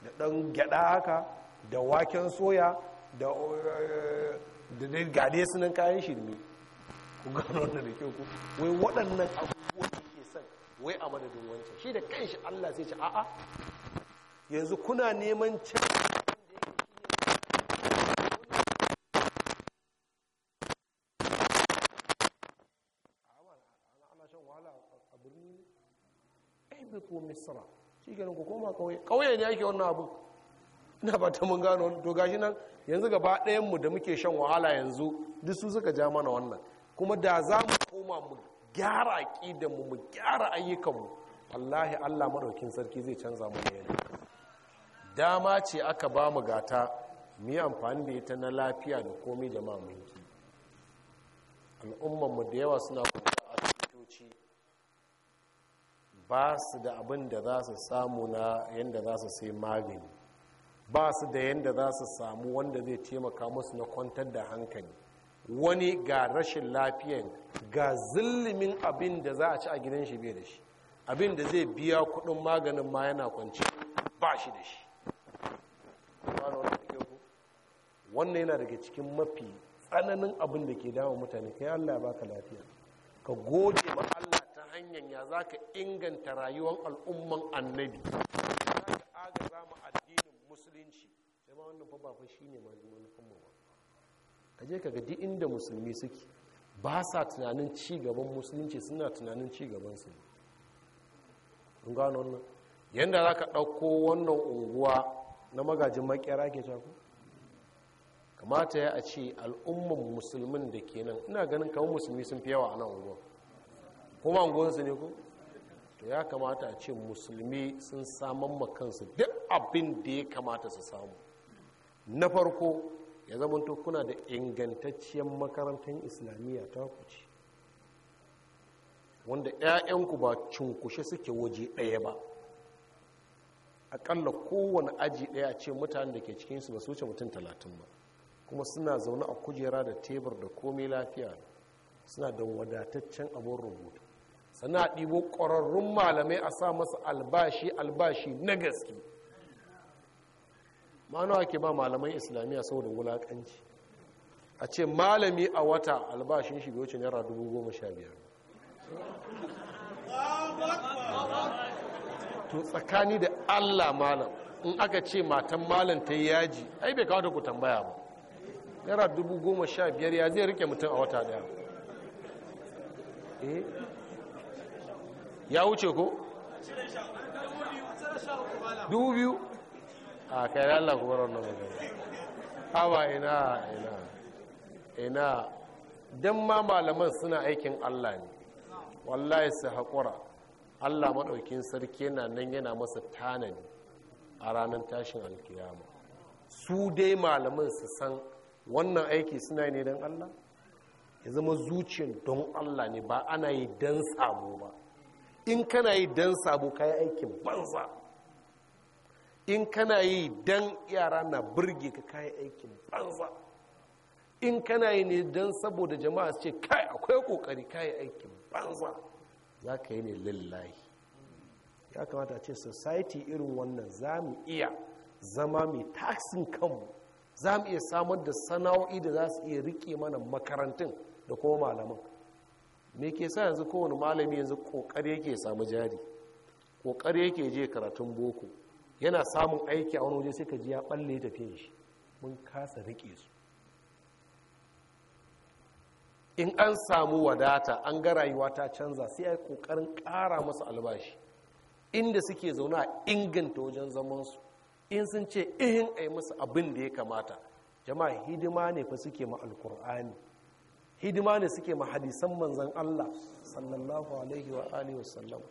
da dan gyada haka da waken soya da eh, da gade sunan kayan shirme ku gano wannan da kyau ku wai waɗannan abubuwan da ke son wai a madadin wancan shi da kanshi Allah sai ce a'a yanzu kuna neman can ko misra shi ganin ku koma kauye kauye ne ake wannan abu na ba ta mun gano to gashi nan yanzu gaba ɗayanmu da muke shan wahala yanzu duk su suka ja mana wannan kuma da za mu koma mu gyara aƙidanmu mu gyara ayyukanmu wallahi allah maɗaukin sarki zai canza mana yanayi dama ce aka ba mu gata mu yi amfani da ita na lafiya da komai da mamaki al'ummar al'ummanmu da yawa suna kuma asibitoci ba su da abin da za su samu na yadda za su sai magani ba su da yadda za su samu wanda zai taimaka musu na kwantar da hankali wani ga rashin lafiyan ga zillimin abin da za a ci a gidan shi bai da shi abin da zai biya kudin maganin ma yana kwanci ba shi da shi wannan yana daga cikin mafi tsananin abin da ke dama mutane kai allah baka lafiya ka gode ma allah ta hanyar ya za ka inganta rayuwar al'umman annabi kuma wannan fa ba shine ba kaje kaga duk inda musulmi suke ba sa tunanin ci gaban musulunci suna tunanin ci gaban su kun gano wannan yanda zaka dauko wannan unguwa na magajin makera ke ta ku kamata ya a ce al'umman musulmin da ke nan ina ganin kamar musulmi sun fi yawa a nan unguwa kuma unguwansu ne ku to ya kamata a ce musulmi sun samun makansu duk abin da ya kamata su samu na farko ya zamanto kuna da ingantacciyar makarantar islamiyya ta kuce wanda 'ya'yanku ba cunkushe suke waje ɗaya ba aƙalla kowane aji ɗaya ce mutane da ke cikinsu ba su wuce mutum talatin ba kuma suna zaune a kujera da tebur da komai lafiya suna da wadataccen abin rubutu sana ɗibo ƙwararrun malamai a sa masa albashi albashi na gaske ma'ana ake ba malaman islamiyya saboda wulaƙanci a ce malami a wata albashin shi wuce naira biyar. to tsakani da allah malam in aka ce matan malam ta yaji ai bai kawo da ku tambaya ba naira biyar ya zai rike mutum a wata daya eh? ya wuce ko? dubu biyu a kai da Allah kuma ranar magana hawa ina ina ina don ma malaman suna aikin Allah ne wallahi su haƙura Allah maɗaukin sarki yana nan yana masa tanani a ranar tashin alkiyama su dai malaman su san wannan aiki suna ne don Allah ya zama zuciyar don Allah ne ba ana yi don sabo ba in kana yi don sabo yi aikin banza in kana yi don yara na birge ka kayan aikin banza in kana yi ne don saboda jama'a su ce kai akwai kokari kayan aikin banza za ka yi ne lillahi ya kamata ce society irin wannan za mu iya zama mai taksin kanmu za mu iya samar da sana'o'i da za su iya rike mana makarantun da kuma malaman me ke sa yanzu kowane malami yanzu kokari yake samu jari kokari yake je karatun boko yana samun aiki a wani waje sai ka ji ya balle tafiye shi mun kasa riƙe su in an samu wadata an ga rayuwa ta canza sai yi ƙoƙarin ƙara musu albashi inda suke zaune a inganta wajen zamansu in sun ce ihin a yi musu abin da ya kamata jama'a hidima ne fa suke ma alkur'ani hidima ne suke ma hadisan manzan allah sallallahu alaihi wa alihi wasallam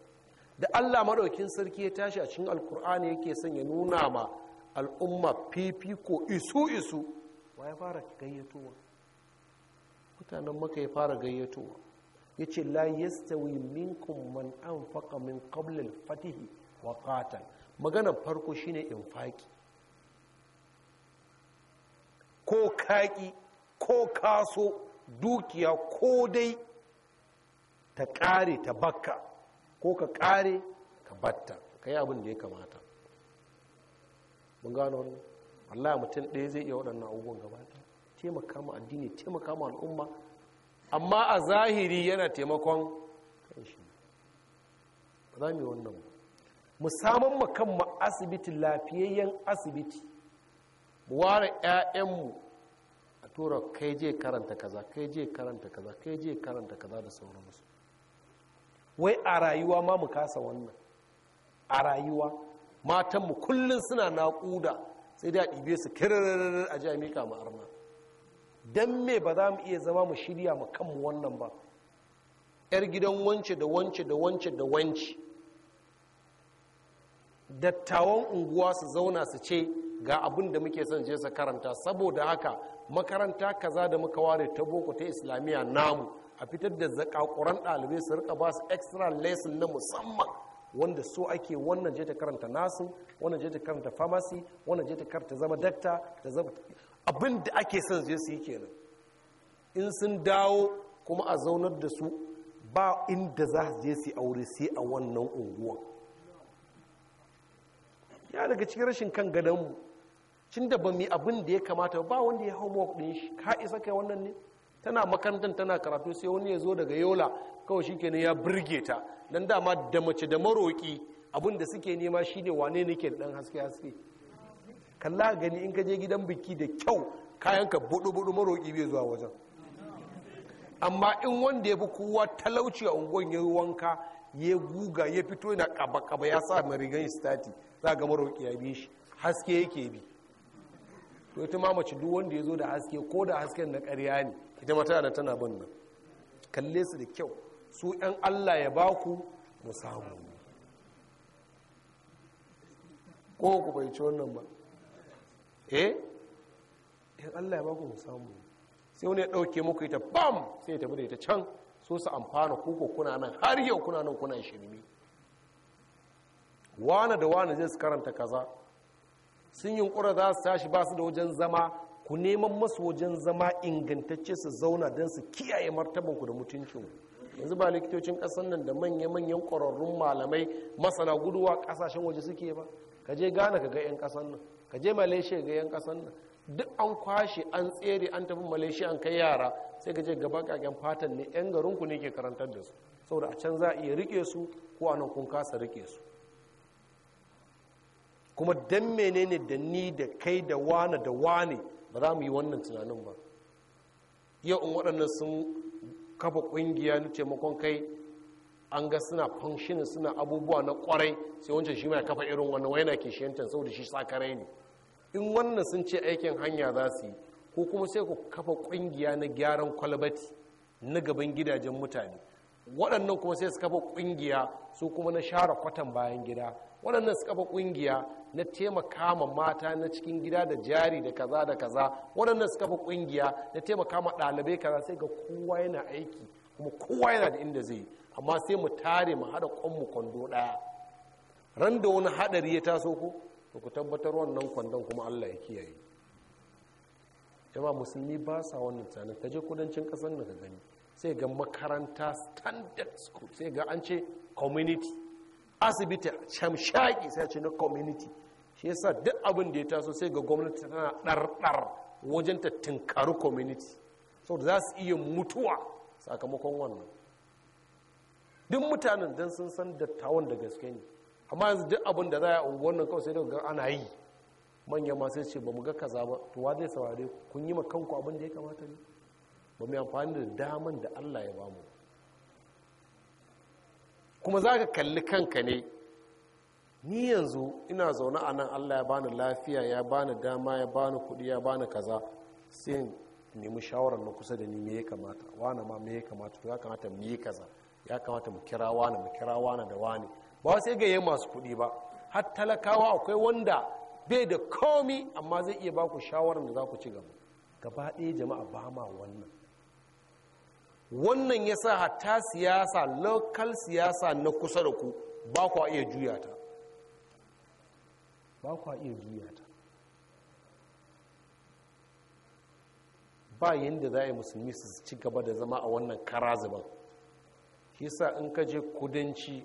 da allah maɗaukin sarki ya tashi a cikin alkur'ani yake son ya nuna ma al'umma fifiko isu isu wa ya fara gayyatowa mutanen maka ya fara gayyatowa ya ce la yastawi minkum man anfaqa min qabla fatihi wa qatal maganar farko shine faƙi. ko kaƙi, ko kaso dukiya ko dai ta ƙare ta bakka ko ka kare ka batta ka yi abin da ya kamata mun gano wannan Allah mutum ɗaya zai iya waɗannan abubuwan gabata taimaka ma addini taimaka ma al'umma amma a zahiri yana taimakon shi ba za mu yi wannan ba mu samun makan ma asibiti lafiyayyen asibiti mu ware 'ya'yanmu a tura kai je karanta kaza kai je karanta kaza kai je karanta kaza da sauransu wai a rayuwa ma mu kasa wannan a rayuwa matanmu kullum suna naƙuda sai da ɗibe su kirarrarar a jami'a mu arna don me ba za mu iya zama mu shirya mu kanmu wannan ba 'yar gidan wance da wance da wance da wance dattawan unguwa su zauna su ce ga abin da muke son je su karanta saboda haka makaranta kaza da muka ware ta boko ta islamiyya namu a fitar da zakakuran ɗalibai su rika ba su extra lesson na musamman wanda so ake wannan je ta karanta nasu wannan je ta karanta pharmacy wannan je ta karanta zama dakta da zama abin da ake son je su yi kenan in sun dawo kuma a zaunar da su ba inda za su je su aure sai a wannan unguwa ya daga cikin rashin kan gadonmu tun da ba mu abin da ya kamata ba wanda ya homework ɗin shi ka isa kai wannan ne tana makarantar tana karatu sai wani ya zo daga yola kawai shikenan ya birge ta don dama da mace da maroƙi abin da suke nema shi ne wane nake ke dan haske haske kalla gani in ka je gidan biki da kyau kayan ka buɗu buɗu maroƙi bai zuwa wajen amma in wanda ya fi kowa talauci a unguwan ya wanka ya guga ya fito yana kaba kaba ya sa marigan stati za ga maroƙi ya bi shi haske yake bi to ita ma mace duk wanda ya zo da haske ko da hasken na ƙarya ne ita ma tana tana bin nan kalle su da kyau su ‘yan Allah ya baku mu samu ko ku bai ci wannan ba eh ‘yan Allah ya baku mu samu sai wani ya ɗauke muku ita bam sai ya tafi da ita can so su amfana kuko kuna nan har yau kuna nan kuna shirme wane da wane zai su karanta kaza sun yunkura za su tashi ba su da wajen zama ku neman masu wajen zama ingantacce su zauna don su kiyaye martabanku da mutuncinku yanzu ba likitocin ƙasar nan da manya-manyan ƙwararrun malamai masana guduwa ƙasashen waje suke ba ka je ghana ka ga 'yan ƙasar nan ka je malaysia ga 'yan ƙasar nan duk an kwashe an tsere an tafi malaysia an kai yara sai ka je gaba kagen fatan ne 'yan garinku ne ke karantar da su saboda a can za a iya rike su ko a nan kun kasa rike su kuma dan menene da ni da kai da wane da wane ba za mu yi wannan tunanin ba yau in waɗannan sun kafa ƙungiya na taimakon kai an ga suna fanshinin suna abubuwa na ƙwarai sai wancan shi mai kafa irin wannan na ke sau saboda shi sakarai ne in wannan sun ce aikin hanya za su yi ko kuma sai ku kafa ƙungiya na gyaran kwalbati na gaban gidajen mutane waɗannan kuma sai su kafa ƙungiya su kuma na share kwatan bayan gida waɗannan su kafa ƙungiya na taimaka ma mata na cikin gida da jari da kaza da kaza waɗannan su kafa ƙungiya na taimaka ma ɗalibai kaza sai ga kowa yana aiki kuma kowa yana da inda zai amma sai mu tare mu haɗa ƙwanmu kwando ɗaya ran da wani haɗari ya taso ku, to ku tabbatar wannan kwandon kuma allah ya kiyaye jama musulmi ba sa wannan tsanin ta je kudancin ƙasar da ka gani sai ga makaranta standard school sai ga an ce community asibiti shamshaki sai ce na community shi yasa duk abin da ya taso sai ga gwamnati tana ɗarɗar wajen ta tinkari community sau da za su iya mutuwa sakamakon wannan duk mutanen don sun san dattawan da gaske ne amma yanzu duk abin da za a unguwar nan kawai sai daga ana yi manya masu ce ba mu ga kaza ba to wa zai saurare kun yi ma kanku abin da ya kamata ne ba mu amfani da daman da allah ya bamu ba kuma za ka kalli kanka ne ni yanzu ina zaune a nan allah ya bani lafiya ya bani dama ya bani kuɗi ya bani kaza sai nemi shawarar na kusa da ni me ya kamata wane ma me ya kamata ya kamata mu yi kaza ya kamata mu kira wane mu kira wane da wane ba sai ga yi masu kuɗi ba har talakawa akwai wanda bai da komi amma zai iya baku shawarar da za ku ci gaba gaba ɗaya jama'a ba ma wannan wannan ya sa hatta siyasa lokal siyasa na kusa da ku ba kwa iya juya ta ba kwa iya juya ta ba yadda za a yi musulmi su ci gaba da zama a wannan kara zuban shi sa in ka je kudanci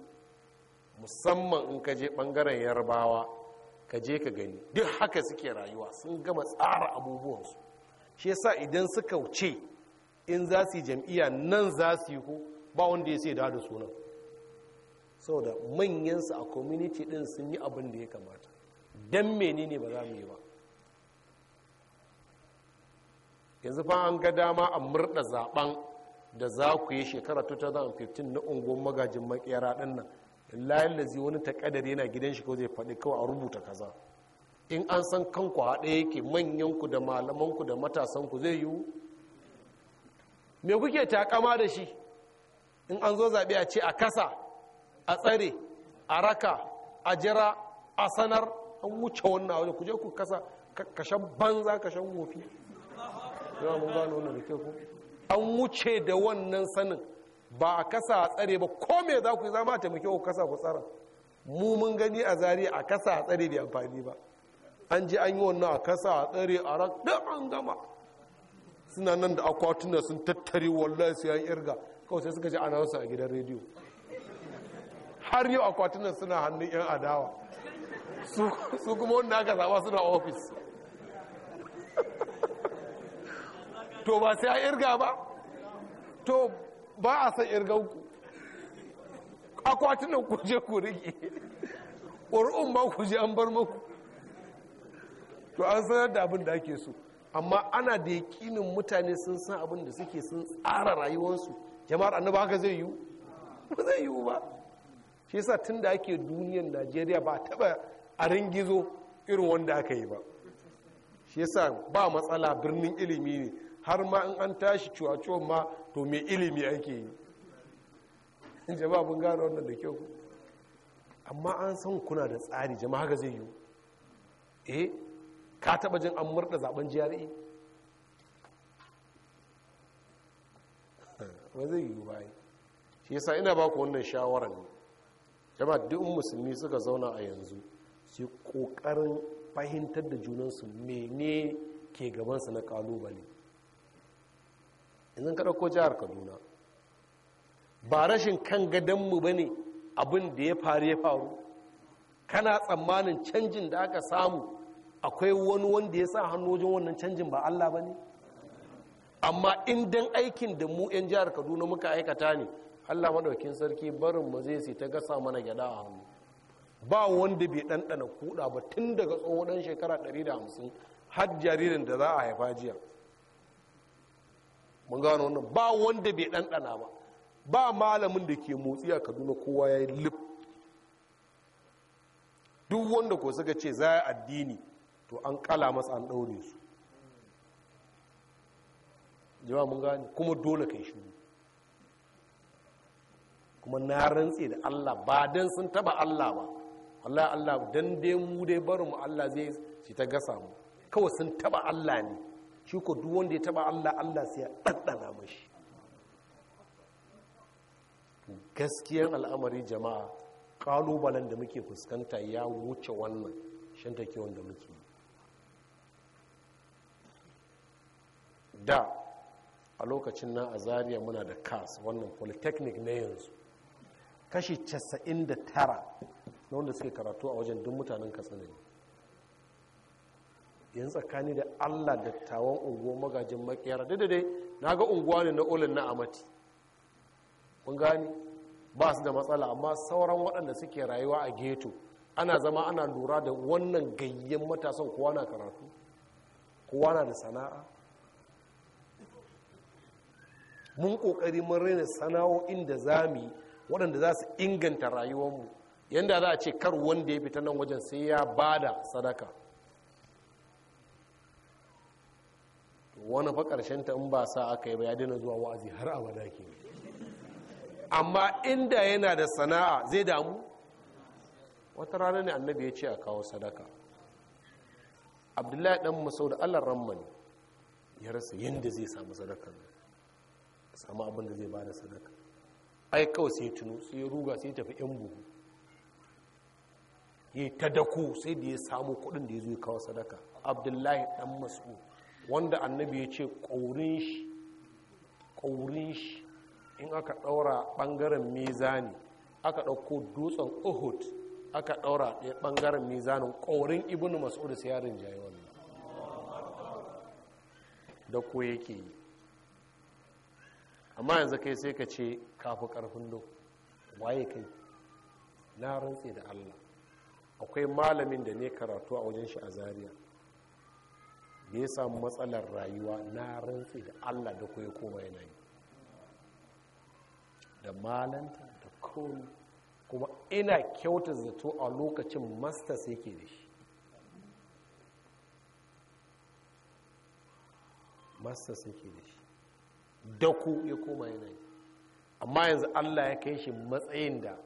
musamman in ka je bangaren yarbawa ka je ka gani duk haka suke rayuwa sun gama tsara abubuwansu shi sa idan suka wuce in za su yi jam'iyya nan za su yi ko ba wanda ya sai da da sunan saboda manyansu a community din sun yi abin da ya kamata don menene ba za mu yi ba yanzu fa an ga dama a murda zaben da za ku yi shekara 2015 na unguwar magajin makera din nan layin da zai wani takadar yana gidan shi ko zai faɗi kawai a rubuta kaza in an san kanku haɗe yake manyanku da malamanku da matasanku zai yiwu me kuke takama da shi in an zo zaɓe a ce a kasa a tsare a raka a jira a sanar an wuce wannan wajen kuje ku kasa kashen banza kashen wofi yawa mun gano wannan da ku an wuce da wannan sanin ba a kasa a tsare ba ko me za ku yi zama muke ku kasa ku tsara mu mun gani a zari a kasa a tsare bai amfani ba an ji an yi wannan a kasa a tsare a rak da an gama suna nan da akwatuna sun tattare wallahi su yayin irga kawai sai suka ji anawunsa a gidan rediyo har yau akwatunan suna hannun 'yan adawa su kuma wanda aka zaba suna ofis to ba sai a irga ba to ba a san irganku akwatunan je ku rike ba ku je an bar muku to an sanar da abin da ake so amma ana da yakinin mutane sun san abin da suke sun tsara rayuwarsu jama'ar annaba haka zai yiwu ba zai yiwu ba shi yasa tun da ake duniyar najeriya ba taba a ringizo irin wanda aka yi ba shi yasa ba matsala birnin ilimi ne har ma in an tashi cuwacuwa ma to mai ilimi ake yi jama'a mun gano wannan da kyau amma an san kuna da tsari jama'a haka zai yiwu eh ka taba jin an murda zaben jari'i eh, ba zai yi ba shi yasa ina ba ku wannan shawarar ne jama duk musulmi suka zauna a yanzu su kokarin fahimtar da junansu mene ke gabansu na kalubale yanzu ka jihar kaduna ba rashin kan gadonmu ba ne abin da ya faru ya faru kana tsammanin canjin da aka samu akwai wani wanda ya sa hannu wajen wannan canjin ba Allah ba ne amma in aikin da mu 'yan jihar kaduna muka aikata ne Allah madaukin sarki barin mu zai sai ta gasa mana gyada a hannu ba wanda bai ɗanɗana kuɗa ba tun daga tsohon ɗan shekara 150 har jaririn da za a haifa jiya mun gano wannan ba wanda bai ɗanɗana ba ba malamin da ke motsi a kaduna kowa ya yi lif duk wanda ko suka ce za a addini to an kala masa an ɗaure su jama'a mun gane kuma dole kai shi kuma na rantse da Allah ba dan sun taba Allah ba wallahi Allah dan dai mu dai barin mu Allah zai ci ta gasa mu kawai sun taba Allah ne shi ko duk wanda ya taba Allah Allah sai ya daddana mashi gaskiyar al'amari jama'a ƙalubalen da muke fuskanta ya wuce wannan shan take wanda muke da a lokacin na a zariya muna da kas wannan polytechnic na yanzu kashi 99 na wanda suke karatu a wajen duk mutanen katsina ne yanzu tsakani da allah dattawan unguwa magajin makiyar daidai na ga unguwa ne na olin na amati kun gani ba su da matsala amma sauran waɗanda suke rayuwa a geto ana zama ana lura da wannan gayyen matasan kowa na karatu kowa na da sana'a mun kokari mun raina sana'o'in da yi waɗanda za su inganta rayuwarmu yanda za a ce kar wanda ya fita nan wajen sai ya bada sadaka wani fa ƙarshen ta in ba sa aka yi ba ya daina zuwa wa'azi har abada ke amma inda yana da sana'a zai damu wata rana ne annabi ya ce a kawo sadaka abdullahi dan masau da allah ramman ya rasa yadda zai samu sadakar samu abin da zai ba da sadaka ai kawai sai tuno sai ruga sai tafi yan buhu ya ta dako sai da ya samu kudin da ya zo ya kawo sadaka abdullahi dan Mas'u wanda annabi ya ce ƙaurin shi in aka ɗaura ɓangaren mezani aka ɗauko dutsen uhud aka ɗaura ɗaya ɓangaren mezanin ƙaurin ibn mas'ud sai siyarin jayewar da ko yake yi amma yanzu kai sai ka ce kafi karfin do waye kai na rantse da allah akwai malamin da ne karatu a wajen shi a zariya da ya samu matsalar rayuwa na rantse da allah da kuma koma yana yi da malanta da kone kuma ina kyauta zato a lokacin masters yake da shi masters yake da shi daku ya koma yana amma yanzu allah ya kai shi matsayin da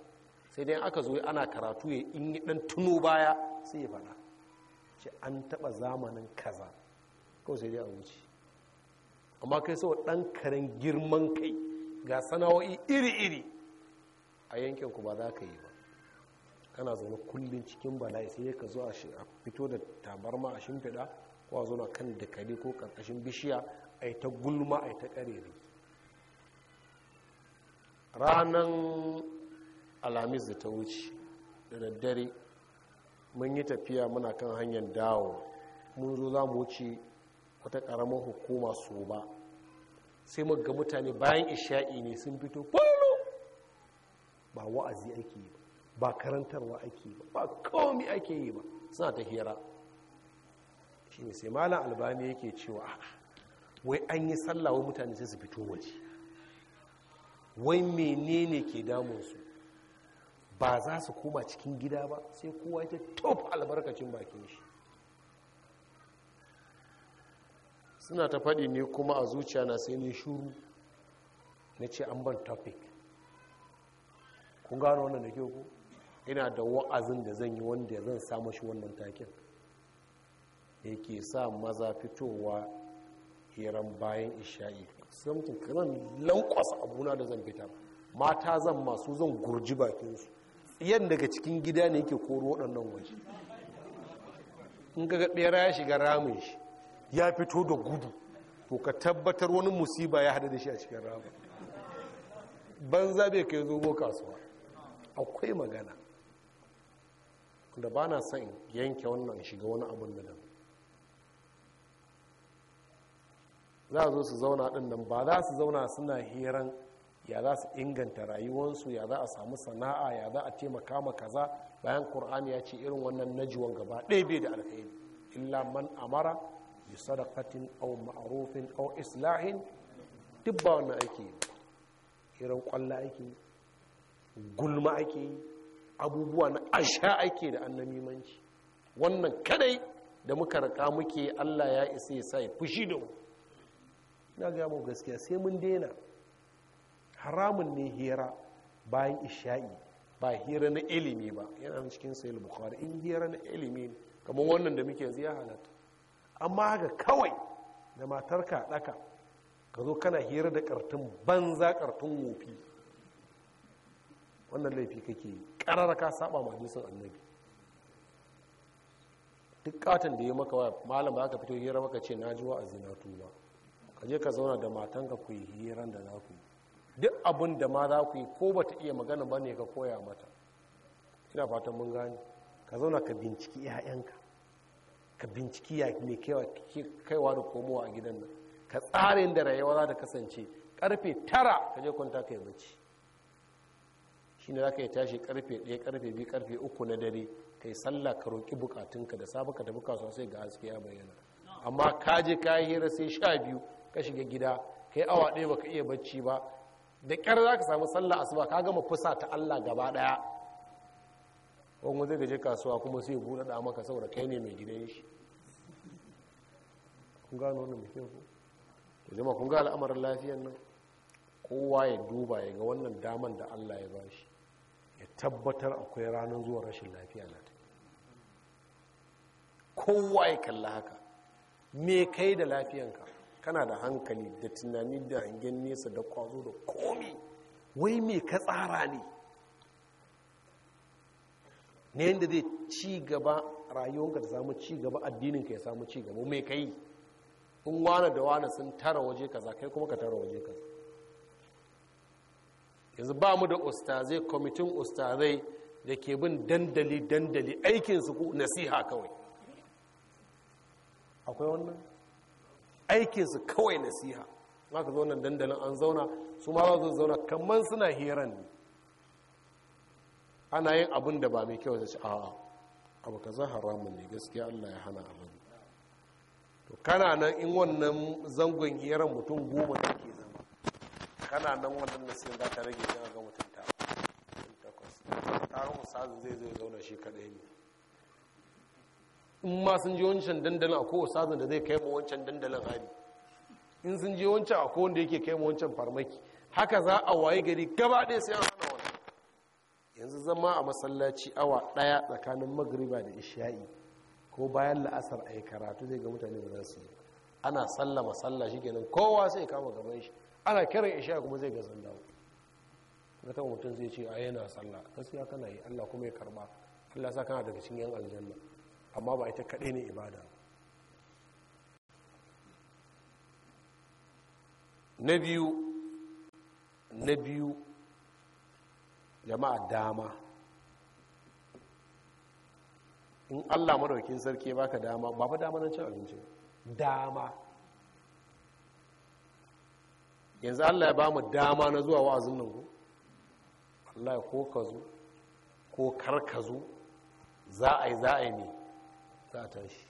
sai dai aka zo ana karatu ya in yi dan tuno baya sai ya fada ce an taba zamanin kaza kawai sai dai a wuce amma kai sau dan karen girman kai ga sana'o'i iri-iri a yankinku ba za ka yi ba kana zaune kullum cikin bala'i sai ka zo a fito da tabarma a shimfiɗa ko a zauna kan dakali ko ƙarƙashin bishiya a ta gulma a ta ƙarere ranar alamis da ta wuce da daddare mun yi tafiya muna kan hanyar dawo mun zo za mu wuce wata ƙaramar hukuma so ba sai ga mutane bayan isha'i ne sun fito kwallo ba wa'azi ake yi ba ba karantarwa ake yi ba ba ake yi ba suna ta hira shi ne sai malam albani yake cewa wai an yi sallawa mutane sai su fito waje wai menene ke damunsu ba za su koma cikin gida ba sai kowa ta top albarkacin bakin shi suna ta faɗi ne kuma a zuciya na sai ne shuru na ce an ban topic kun gano wannan da ke ku ina da wa'azin da zan yi wanda zan samu shi wannan takin da ke sa maza fitowa keran bayan isha'i samtin zan lankwasa abuna da zan fita mata zan masu zan gurji bakinsu yadda daga cikin gida ne yake koro waɗannan waje in ga ɗera ya shiga ramin shi ya fito da gudu to ka tabbatar wani musiba ya haɗa da shi a cikin ramin banza bai kai zobo kasuwa akwai magana da ba na son yanke wannan shiga wani abin da za a zo su zauna ɗin nan ba za su zauna suna hiran ya za su inganta rayuwarsu ya za a samu sana'a ya za a taimaka ma kaza bayan ƙur'ani ya ce irin wannan najiwan gaba ɗaya bai da alkhairi illa man amara bi sadaqatin aw ma'rufin aw islahin duk ba wannan ake yi irin ƙwallo ake yi gulma ake yi abubuwa na asha ake da manci wannan kadai da muka raka muke Allah ya isa ya sa ya fushi da mu na ga gaskiya sai mun daina haramun ne hira bayan isha'i ba hira na ilimi ba yana cikin sayil bukhari in hira na ilimi ne kamar wannan da muke ziya halatta amma ga kawai da matarka daka ka zo kana hira da kartun banza kartun wofi wannan laifi kake karara ka saba ma nisan annabi duk katon da ya maka wa malam ba ka fito hira maka ce na ji wa'azi na tuba kaje ka zauna da matanka ku yi hiran da za ku yi duk abin da ma za ku yi ko ba ta iya magana ba ne ka koya mata ina fatan mun gani ka zauna ka binciki 'ya'yanka ka binciki ya mai kaiwa da komowa a gidan nan ka tsarin da rayuwa za ta kasance karfe tara ka je kwanta ka yi bacci shi ne za ka yi tashi karfe ɗaya karfe biyu karfe uku na dare ka yi sallah ka roƙi bukatunka da safe ka tafi kasuwa sai ga haske ya bayyana amma ka je ka yi hira sai sha biyu ka shiga gida ka yi awa ɗaya baka iya bacci ba da ƙyar za ka samu sallah asuba ka gama fusa ta allah gaba ɗaya wani zai gaje kasuwa kuma sai buɗe da maka saboda kai ne mai gidan shi kun gano wannan da kyau to jama kun ga al'amarin lafiyar nan kowa ya duba ya ga wannan daman da allah ya bashi ya tabbatar akwai ranar zuwa rashin lafiya na ta kowa ya kalla haka me kai da lafiyanka kana da hankali da tunani da hangen nesa da kwazo da komi wai mai ka tsara ne ne yadda zai ci gaba rayuwanka ta samu ci gaba addininka ya samu ci gaba mai kai in wane da wane sun tara waje kaza kai kuma ka tara waje kaza yanzu ba mu da ustazai kwamitin ustazai da ke bin dandali-dandali aikinsu ku, nasiha kawai akwai wannan aikinsu kawai nasiha za ka zauna dandalin an zauna su ma za su zauna kamar suna hirar ne ana yin abin da ba mai kyau da shi a'a abu ka za haramun ne gaskiya allah ya hana abin to kana nan in wannan zangon hiran mutum goma da ke zama kana nan wannan nasirin za ta rage jana ga mutum ta takwas ta rukusa zai zai zauna shi kaɗai ne in ma sun je wancan dandalin a kowace sazin da zai kai mu wancan dandalin hari in sun je wancan a da yake kai mu wancan farmaki haka za a waye gari gaba ɗaya sai an hana wani yanzu zama a masallaci awa ɗaya tsakanin magriba da isha'i ko bayan la'asar a yi karatu zai ga mutane ba za su yi ana sallama sallah shi kenan kowa sai kama gaban shi ana kiran isha'i kuma zai ga zandawo zaka mutum zai ce a yana sallah gaskiya kana yi allah kuma ya karba allah sa kana daga cikin yan aljanna amma ba ita kaɗai ne ibada na biyu na biyu jama'a dama in allah madaukin sarki ya baka dama ba fa dama na cin abinci dama yanzu allah ya ba mu dama na zuwa wa'azin nan ku allah ko ka zo ko kar ka zo za a yi za a yi ne za a tashi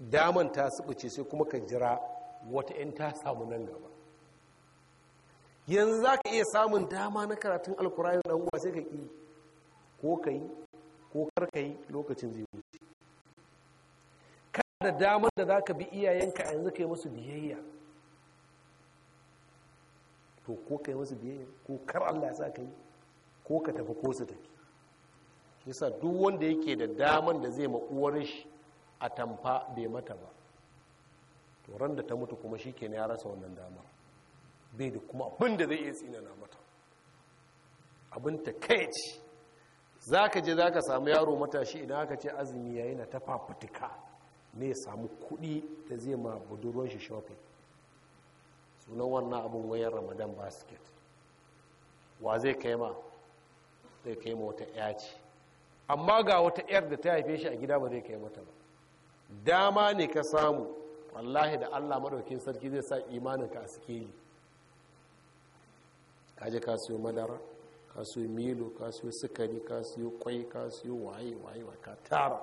daman ta suɓuce sai kuma ka jira wata 'yan ta samu nan gaba yanzu za ka iya samun dama na karatun alkurayen da uwa sai ka ƙi ko ka yi ko karka yi lokacin zai wuce da damar da za ka bi iyayenka a yanzu ka yi musu biyayya to ko ka yi musu biyayya ko kar allah sa ka yi ko ka tafi ko su tafi yasa duk wanda yake da daman da zai ma'uwar shi a tamfa bai mata ba to ran da ta mutu kuma shi ya rasa wannan damar bai da kuma abin da zai iya tsinana mata abin ta kai za ka je za ka samu yaro matashi idan aka ce azumi ya yi na ta fafutuka ne samu kuɗi da zai ma budurwan shi shopping sunan wannan abin wayan ramadan basket wa zai kai ma zai kai ma wata 'ya ce amma ga wata yar da ta haife shi a gida ba zai kai mata ba dama ne ka samu wallahi da allah maɗaukin sarki zai sa imaninka a sikeli kaje ka siyo madara ka siyo milo ka siyo sukari ka siyo kwai ka siyo waye waye wa ka tara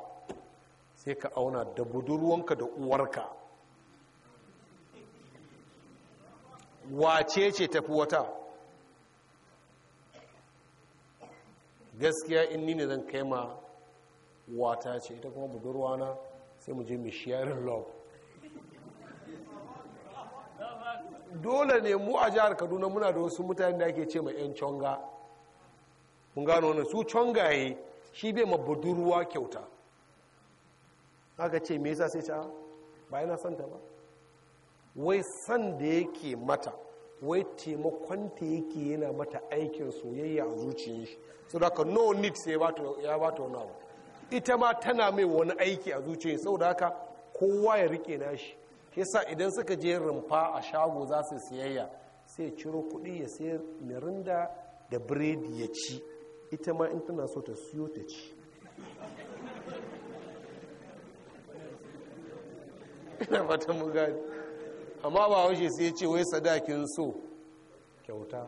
sai ka auna da budurwanka da uwarka wace ce tafi wata gaskiya in ni ne zan kai ma wata ce ita kuma budurwa na sai mu je mu sharing love dole ne mu a jihar kaduna muna da wasu mutane da ake ce ma 'yan conga mun gano wani su congaye shi bai ma budurwa kyauta aka ce me sa sai ah, ta ba yana santa ba wai san da yake mata wai taimakonta yake yana mata aikin soyayya a zuciya shi so da aka no need sai ya ba ta wani abu ita ma tana mai wani aiki a zuciya sau da haka kowa ya rike nashi yasa idan suka je rumfa a shago za su siyayya sai ciro kuɗi ya sayar mirinda da biredi ya ci ita ma in tana so ta siyo ta ci ina fata mu gani amma ba haushe sai ce wai sadakin so kyauta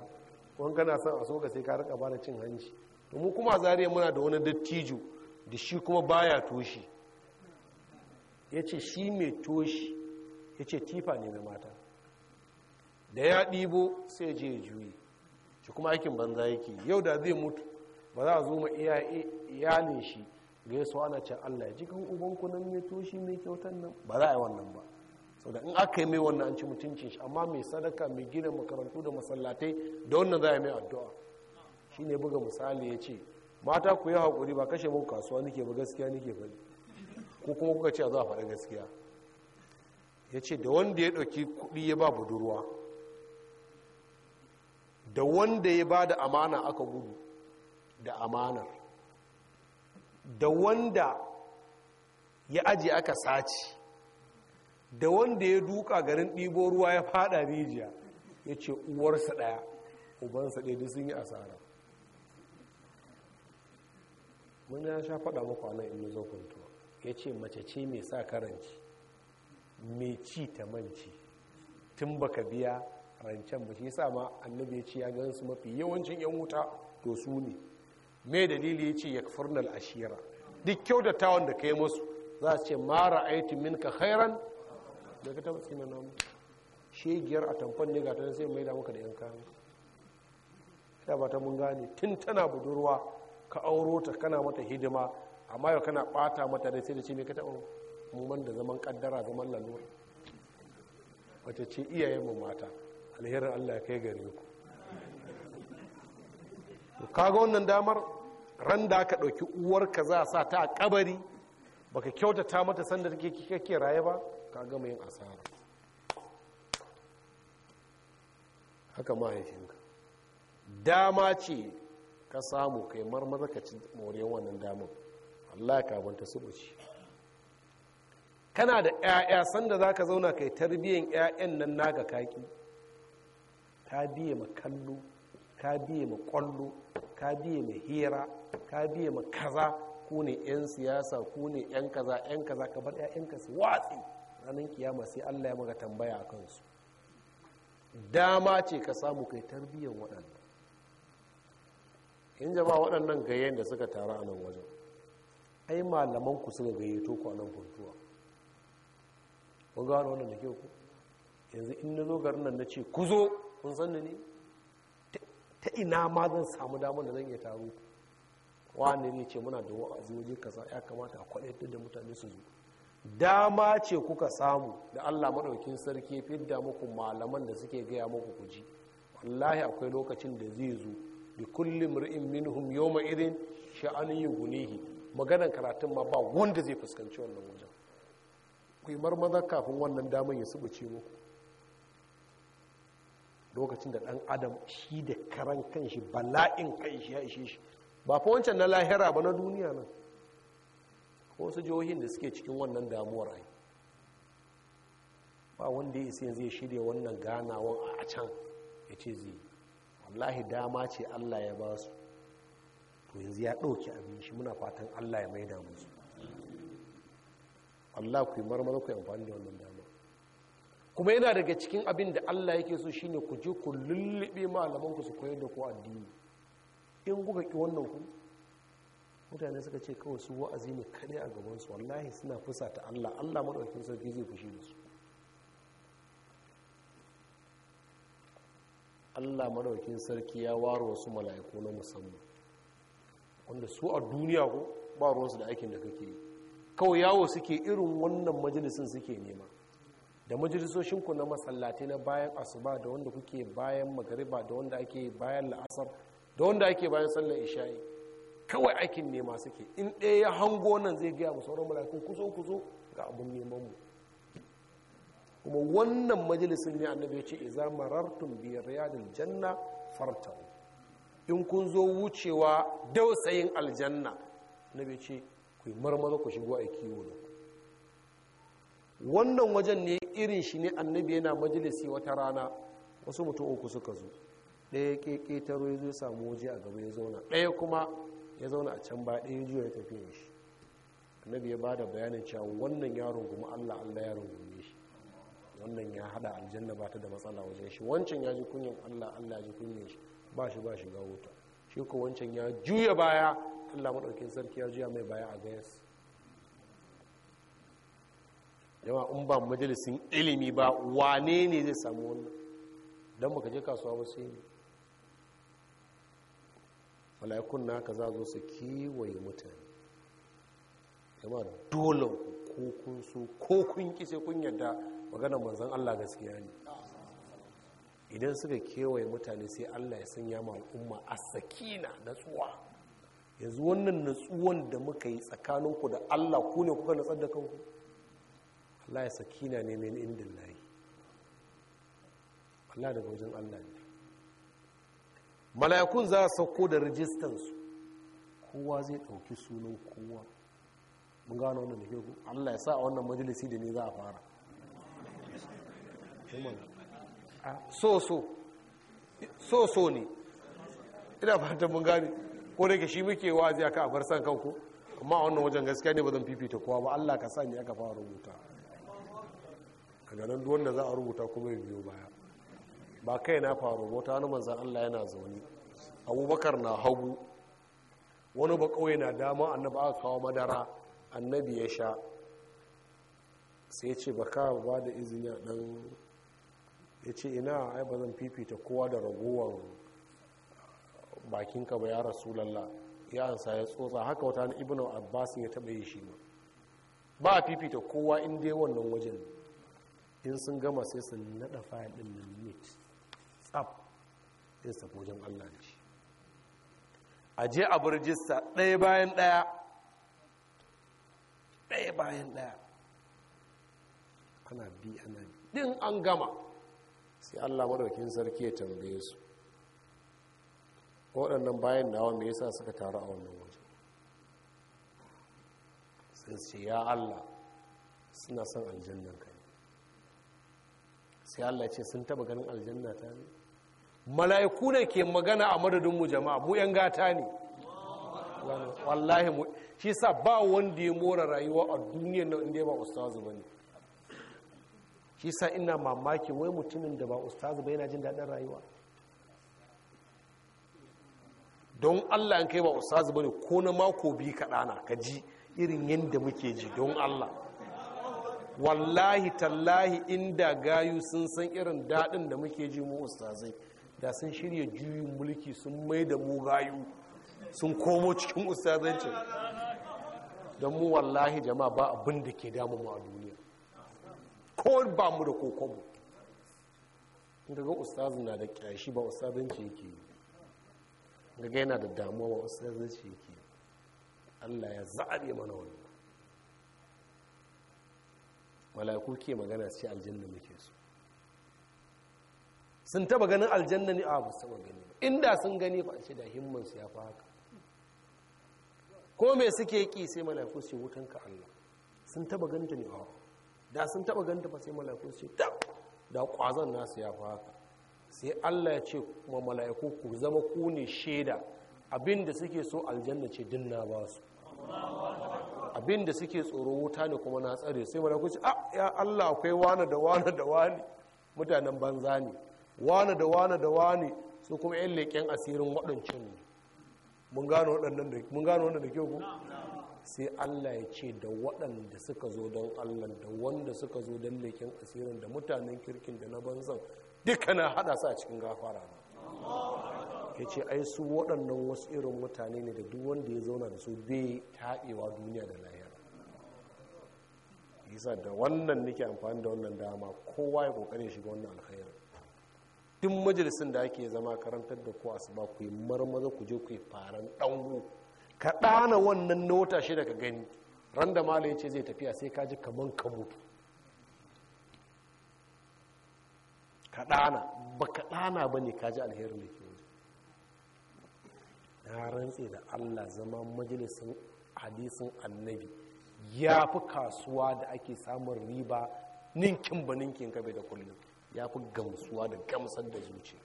wani kana son a so ga sai ka rika bada cin hanci domin kuma zariya muna da wani dattijo da shi kuma baya toshi ya ce shi mai toshi ya ce tifa ne na mata da ya ɗibo sai je juyi shi kuma aikin banza yake yau da zai mutu ba za a zo ma iyalin shi ga yaso ana can allah ya ji kan ubanku nan mai toshi mai kyautan nan ba za a yi wannan ba sau in aka yi mai wannan an ci mutuncin shi amma mai sadaka mai gina makarantu da masallatai da wannan za a mai addu'a shi ne buga misali ya ce mata ku yi haƙuri ba kashe mun kasuwa nike ba gaskiya nike ba ko kuma kuka ce a za a faɗa gaskiya ya ce da wanda ya ɗauki kuɗi ya ba budurwa da wanda ya ba da amana aka gudu da amana da wanda ya aji aka sace da wanda ya duka garin ɗibo ruwa ya fada rijiya ya ce uwarsa ɗaya ubansa ɗaya duk sun yi asara wani ya sha faɗa muku anan in zo kuntuwa ya ce mace ce mai sa karanci mai ci ta manci tun baka biya rancen ba shi sa ma annabi ya ce ya gansu mafi yawancin yan wuta to su ne mai dalili ya ce ya kafurnal ashira duk kyau da tawon da ka yi masu za su ce mara aiti minka hairan? da ka taba tsina namu shegiyar a tamfon ne ga ta sai mai da maka da yanka ya ba ta mun gane tun tana budurwa ka auro ta kana mata hidima amma yau kana bata mata da sai da ce mai ka taba muman da zaman kaddara zaman lalura wace ce iyayen mu mata alherin allah ya kai gari ku kaga wannan damar ran da aka ɗauki uwarka za sa ta a kabari baka kyautata mata sanda take ke raye ba ka gama yin asara haka mahaifinka dama ce ka samu kai marmara ka ci moriyar wannan damar allah ka banta su buci kana da 'ya'ya sanda za ka zauna kai tarbiyyar 'ya'yan nan naga kaki ka biye ma kallo ka biye ma kwallo ka biye ma hira ka biye ma kaza ku ne 'yan siyasa ku ne 'yan kaza 'yan kaza ka bar 'ya'yanka su watsi ranar kiyama sai allah ya maka tambaya a kansu dama ce ka samu kai tarbiyyar waɗannan in jama waɗannan gayen da suka taru a nan wajen ai malaman ku suka gayyato ku a nan kuntuwa wannan da ke ku yanzu in na zo garin nan na ce ku zo kun san ne ta ina ma zan samu damar da zan iya taro wa ne ce muna da wa'azi waje kasa ya kamata a kwaɗe da mutane su zo dama ce kuka samu da allah maɗaukin sarki fidda muku malaman da suke gaya muku kuji wallahi akwai lokacin da zai zo bi kullum ri'in minhum yawma irin sha'anin yughnihi maganan karatun ma ba wanda zai fuskanci wannan wajen ku yi marmaza kafin wannan daman ya subuce muku lokacin da ɗan adam shi da karan kanshi bala'in kanshi ya ishe shi ba fa wancan na lahira ba na duniya nan wasu jihohin da suke cikin wannan damuwar ai ba wanda ya isi zai shirya wannan ganawan a can ya ce zai wallahi dama ce allah ya ba su to yanzu ya ɗauki abin shi muna fatan allah ya damu su allah ku yi marmar ku yi amfani da wannan dama kuma yana daga cikin abin da allah yake so shine ku je ku lullube malamanku su koyar da ku addini in kuka ki wannan ku mutane suka ce kawai su wa'azi ne kadai a gabansu wallahi suna fusa ta allah allah maɗaukin sarki zai fushi da su allah maɗaukin sarki ya waro wasu mala'iku na musamman wanda su a duniya ko ba ruwansu da aikin da kake yi kawai yawo suke irin wannan majalisun suke nema da majalisoshinku na masallati na bayan asuba da wanda kuke bayan magariba da wanda ake bayan la'asar da wanda ake bayan sallar isha'i kawai aikin nema suke in ɗaya ya hango nan zai gaya mu sauran mulakin kuzo kuzo ga abin neman mu kuma wannan majalisun ne annabi ya ce iza marartum bi riyadil janna fartau in kun zo wucewa dausayin aljanna annabi ce ku marmaza ku shigo aiki kiwo wannan wajen ne irin shi ne annabi yana majalisi wata rana wasu mutum uku suka zo ɗaya ƙeƙetaro ya zo samu waje a gaba ya zauna ɗaya kuma ya zauna a can ba ɗaya juya ya tafi shi annabi ya bada bayanin cewa wannan ya rungumi Allah Allah ya rungume shi wannan ya hada aljanna ba ta da matsala wajen shi wancan ya ji kunyan Allah Allah ya ji kunyan shi ba shi ba shi ga wuta shi ko wancan ya juya baya Allah maɗaukin sarki ya juya mai baya a gayas yawa in ba majalisin ilimi ba wane ne zai samu wannan ba baka je kasuwa ba sai ne mala'ikun na haka za zo su kewaye mutane yamma dole ko kun so ko kun kun yadda maganar manzan Allah gaskiya ne idan suka kewaye mutane sai Allah ya sanya ma al'umma a sakina natsuwa yanzu wannan natsuwan da muka yi tsakaninku da Allah ku ne kuka natsar da kanku Allah ya sakina ne indin layi Allah daga wajen Allah ne Malayakun za a sauko da rijistansu kowa zai ɗauki sunan kowa mun gano wannan da ku allah ya sa a wannan majalisi da ne za a fara so so ne ina fata mun gane ko da ke shi muke wazi aka a bar san kanku amma wannan wajen gaskiya ne ba zan fifita kowa ba allah ka sa ne aka fara rubuta ka ganin duwanda za a rubuta kuma ya biyo baya ba kai na faru ba wani manzan Allah yana zaune abubakar na hagu wani ba kawai na dama annaba aka kawo madara annabi ya sha sai ce ba ka ba da izini a dan ya ce ina ai zan fifita kowa da ragowar bakinka ba ya rasulallah ya ansa ya tsotsa haka wata ibn abbas ya taba yi shi ma ba a fifita kowa inda dai wannan wajen in sun gama sai sun nada fayil na nan tsaf in su allah ne a je a burjista ɗaya bayan ɗaya ɗaya bayan ɗaya ana bi ana bi ɗin an gama sai allah maɗaukin sarki ya tambaye su waɗannan bayan dawa mai yasa suka taru a wannan waje sai ce ya allah suna son aljannan ka ne sai allah ce sun taba ganin aljanna ta ne mala'iku ne ke magana a madadinmu jama'a mu 'yan gata ne wallahi mu shi sa ba wanda ya mora rayuwa a duniyar nan inda ba ustazu ba ne shi sa ina mamaki wai mutumin da ba ustazu ba yana jin daɗin rayuwa don allah an kai ba ustazu ba ne ko na mako biyu kaɗana ka ji irin yadda muke ji don allah wallahi tallahi inda gayu sun san irin daɗin da muke ji mu ustazai da sun shirya juyin mulki sun mai da mu rayu sun komo cikin ustazancin don mu wallahi jama'a ba abin da ke damu mu a duniya ko ba mu da kokobo daga ustazin na da kyashi ba ustazanci yake yi daga yana da damuwa ba ustazanci yake yi allah ya za'ari mana wannan malakuki ke magana ce aljanna muke so sun taba ganin aljanna ne a basu taba gani inda sun gani ba ce da himmansu ya fi haka ko mai suke ƙi sai mala'iku su wutan ka Allah sun taba ganta ne a da sun taba ganta ba sai mala'iku su ta da ƙwazon nasu ya fi haka sai Allah ya ce kuma mala'iku ku zama ku ne shaida abinda suke so aljanna ce din na ba su abinda suke tsoro wuta ne kuma na tsare sai malakun su a ah, ya Allah akwai wani da wani da wani mutanen banza ne wane da wane da wane su kuma yan leƙen asirin waɗancan ne mun gano waɗannan da kyau ku sai Allah ya ce da waɗanda suka zo don Allah da wanda suka zo don leƙen asirin da mutanen kirkin da na banzan duka na haɗa su a cikin gafara ne ya ce ai su waɗannan wasu irin mutane ne da duk wanda ya zauna da su bai taɓewa duniya da lahira yasa da wannan nake amfani da wannan dama kowa ya ƙoƙarin shiga wannan alkhairi duk majalisun da ake zama karantar da ku asuba ku yi marmaza ku je ku yi faran ɗangu ka ɗana wannan wata shi daga gani ran da mala ya ce zai tafiya sai ka ji kaman ka mutu ka ɗana ba ka ɗana ba ne ka ji alherin da ke wuce na rantse da allah zama majalisun hadisin annabi ya fi kasuwa da ake samun riba ninkin ba ninkin gabe da kullum ya fi gamsuwa da gamsar da zuci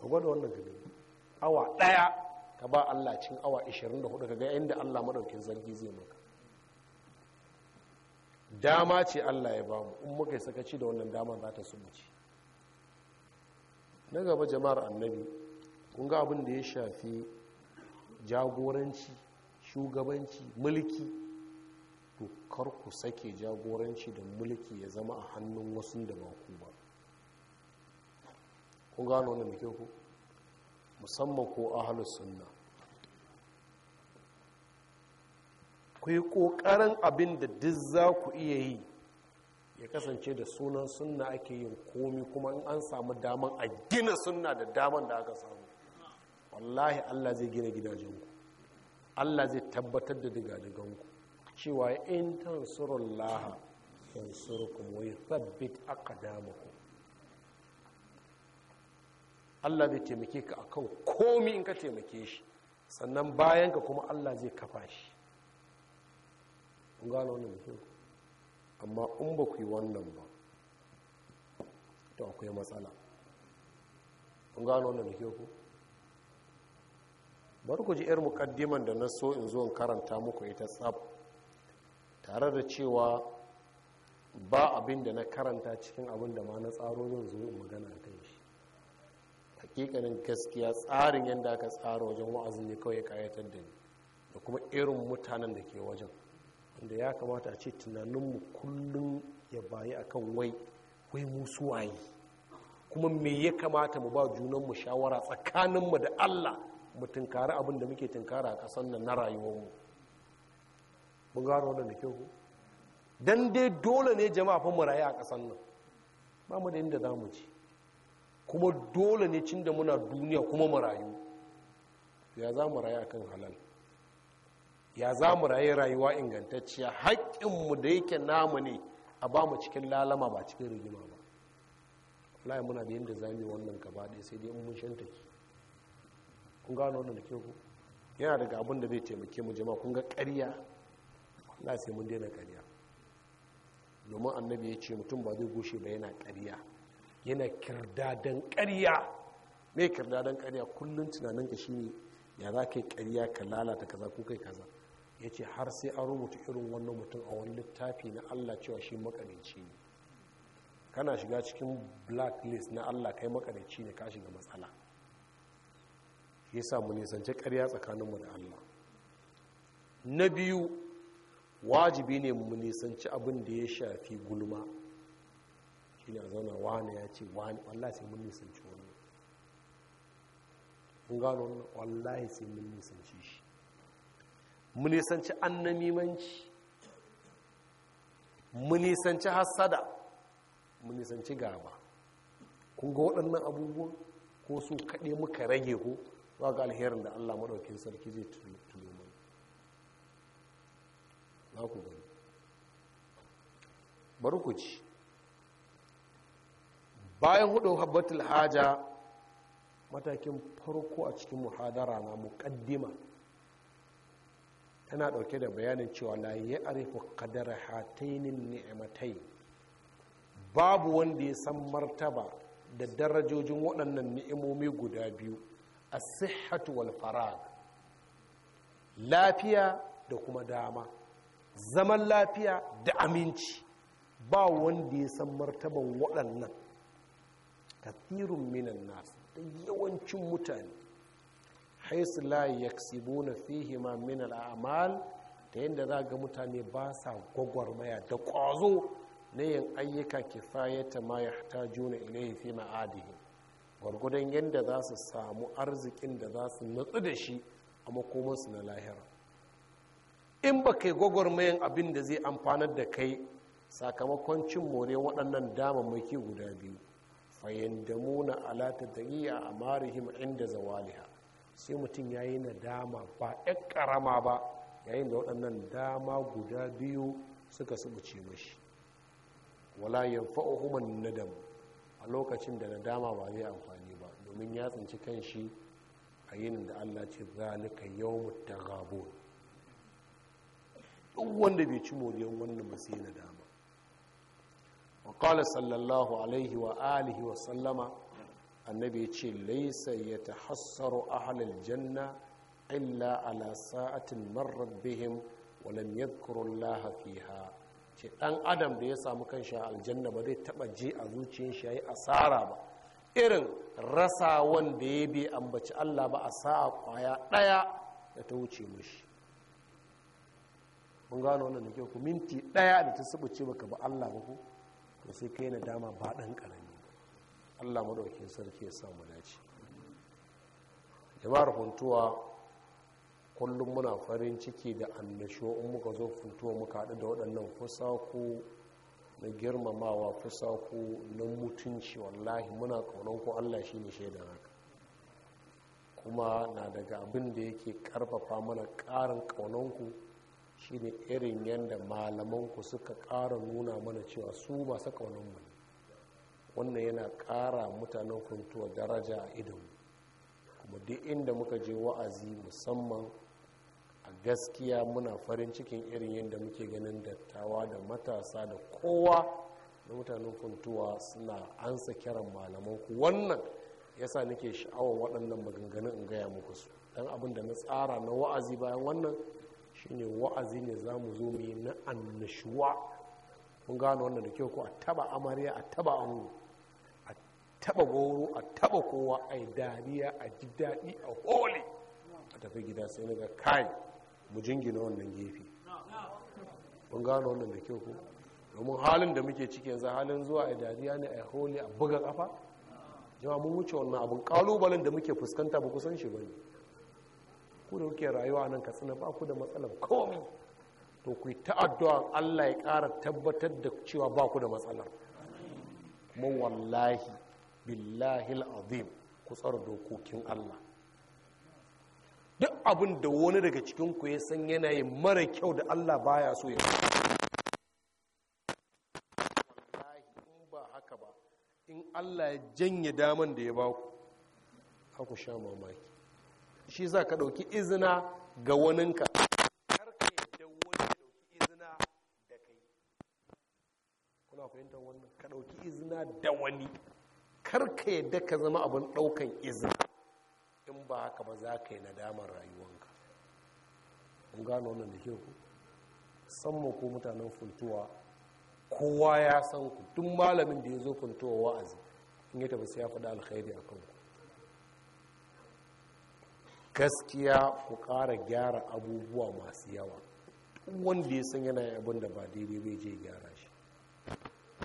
ku gwada wannan gani awa ɗaya ka ba allah cin awa 24 ka ga inda allah maɗaukin zargi zai maka dama ce allah ya mu, in muka yi sakaci da wannan dama za ta sumuci na gaba jama'ar annabi kun ga abin da ya shafi jagoranci shugabanci mulki to kar ku sake jagoranci da mulki ya zama a hannun wasu da ba ku ba kun gano wani muke ku musamman ko ahalus sunna ku yi ƙoƙarin abin da duk za ku iya yi ya kasance da sunan sunna ake yin komi kuma in an samu daman a gina sunna da daman da aka samu wallahi allah zai gina gidajenku allah zai tabbatar da digadiganku cewa in tansurun laha yansurukun wai sabbit aka damaku Allah zai taimake ka a kan komi in ka taimake shi sannan bayan ka kuma Allah zai kafa shi gano wannan mutum amma in ba ku yi wannan ba to akwai matsala kun gano wannan da ku bari ku ji 'yar mukaddiman da na so in zo in karanta muku ita tsab tare da cewa ba abin da na karanta cikin abin da ma na tsaro zan zo in magana kai hakikanin gaskiya tsarin yadda aka tsara wajen wa'azin ne kawai ya kayatar da ni da kuma irin mutanen da ke wajen wanda ya kamata a ce tunaninmu kullum ya bayi a kan wai wai musu waye kuma me ya kamata mu ba junanmu shawara tsakaninmu da allah mu tunkari abin da muke tunkara a ƙasar nan na rayuwarmu mun gano wannan da kyau don dai dole ne jama'a fa mu rayu a ƙasar nan ba mu da inda za mu ci kuma dole ne cin da muna duniya kuma marayu ya za mu rayu kan halal ya za mu rayu rayuwa ingantacciya haƙƙinmu da yake namu ne a ba mu cikin lalama ba cikin rigima ba wallahi muna da yadda yi wannan gaba ɗaya sai dai mun shanta ki kun gano wannan da ke ku yana daga abin da bai taimake mu jama'a kun ga ƙarya Na sai mun daina ƙarya domin annabi ya ce mutum ba zai goshe ba yana ƙarya yana kirdadan ƙarya mai kirdadan ƙarya kullum tunanin ka shine ya za ka yi ƙarya ka lalata kaza ko kai kaza ya ce har sai an rubuta irin wannan mutum a wani littafi na allah cewa shi makarici ne kana shiga cikin blacklist na allah kai makarici ne ka shiga matsala ya samu nisance ƙarya tsakaninmu da allah na biyu wajibi ne mu nisanci abin da ya shafi gulma shi ne a zauna wane ya ce wane wallahi sai mun nisanci wani kun gano wallahi sai mun nisanci shi mun nisanci annamimanci mun nisanci hasada mun nisanci gaba kun ga waɗannan abubuwan ko su kaɗe muka rage ko za ga alherin da allah maɗaukin sarki zai tulo mana za ku gani bari ku ci bayan hudu habbatul haja matakin farko a cikin muhadara na muƙaddima tana ɗauke da bayanin cewa la ya arifu kadara hatainin ni'matai babu wanda ya san martaba da darajojin waɗannan ni'imomi guda biyu a sihhatu wal farag lafiya da kuma dama zaman lafiya da aminci ba wanda ya san martaban waɗannan kathirun minan nasu da yawancin mutane haisu ksibo na fihi ma minan amal ta yadda za ga mutane ba sa gwagwarmaya da ƙwazo na yin ayyuka ke ma ya ta juna ya fi ma'adihin gwargwadon yadda za su samu arzikin da za su natsu da shi a makomansu na lahira in ba kai gwagwarmayan abin da zai amfanar da kai sakamakon cin more waɗannan damammaki guda biyu fayyandamuna alata dariya a marihim inda zawaliha sai mutum ya yi na dama ba ɗan ƙarama ba yayin da waɗannan dama guda biyu suka subuce mashi wala yin fa'ohuman nadam a lokacin da na dama ba zai amfani ba domin ya tsinci kan shi a yin da allah ce zalika yau ta gabo duk wanda bai ci moriyar wannan ba sai na dama. wa qala sallallahu alaihi wa alihi wa sallama annabi ya ce laisa ya a halin janna illa ala sa'atin marrat bihim wa lam kurun allaha ce dan adam da ya samu kanshi a aljanna ba zai taba je a zuciyar shi yi asara ba irin rasa wanda ya bi ambaci Allah ba a sa'a kwaya daya da ta wuce mashi. mun gano wannan da ke ku minti daya da ta ce baka ba Allah ba ku da sai kai nadama ba ɗan ƙarami allah maɗaukin sarki ya samu dace jama'ar huntuwa kullum muna farin ciki da annasho in muka zo huntuwa muka haɗu da waɗannan fusaku na girmamawa fusaku na mutunci wallahi muna ƙaunar ku allah shi ne shaidan haka kuma na daga abin da yake ƙarfafa mana ƙarin ku shine irin yadda malamanku suka ƙara nuna mana cewa su ba saka wani mu wannan yana ƙara mutanen kuntuwa daraja a idon kuma duk inda muka je wa'azi musamman a gaskiya muna farin cikin irin yadda muke ganin dattawa da matasa da kowa na mutanen kuntuwa suna ansa kiran malamanku wannan yasa nake sha'awar waɗannan maganganun in gaya muku su don abin da na tsara na wa'azi bayan wannan shine wa'azi ne za mu zo mu yi na annashuwa mun gano wannan da kyau ko a taba amarya a taba ango a taba goro a taba kowa a yi dariya a ji daɗi a hole a tafi gida sai na ga kai mu jingina wannan gefe mun gano wannan da kyau ko domin halin da muke ciki yanzu halin zuwa a dariya ne a yi hole a buga kafa jama mun wuce wannan abin kalubalen da muke fuskanta ba kusan shi bane ku da kuke rayuwa nan katsina ba ku da matsalar komi to ku yi ta'addu'a Allah ya ƙara tabbatar da cewa ba ku da matsalar kuma wallahi billahi al'azim ku tsara dokokin Allah duk abin da wani daga cikin ku ya san yanayi mara kyau da Allah baya so ya wallahi in ba haka ba in Allah ya janye daman da ya ba ku haku sha mamaki shi za ka ɗauki izina ga waninka karka yadda wani ya ɗauki izina da kai kuna fahimtar ka ɗauki izina da wani karka yadda ka zama abin ɗaukan izina in ba haka ba za ka yi nadamar rayuwanka in gano wannan da ke ku musamman ko mutanen funtuwa kowa ya san ku tun malamin da ya zo funtuwa wa'azi in ya tafi sai ya faɗi alkhairi a kanku gaskiya ku ƙara gyara abubuwa masu yawa wanda ya san yana abin da ba daidai bai je gyara shi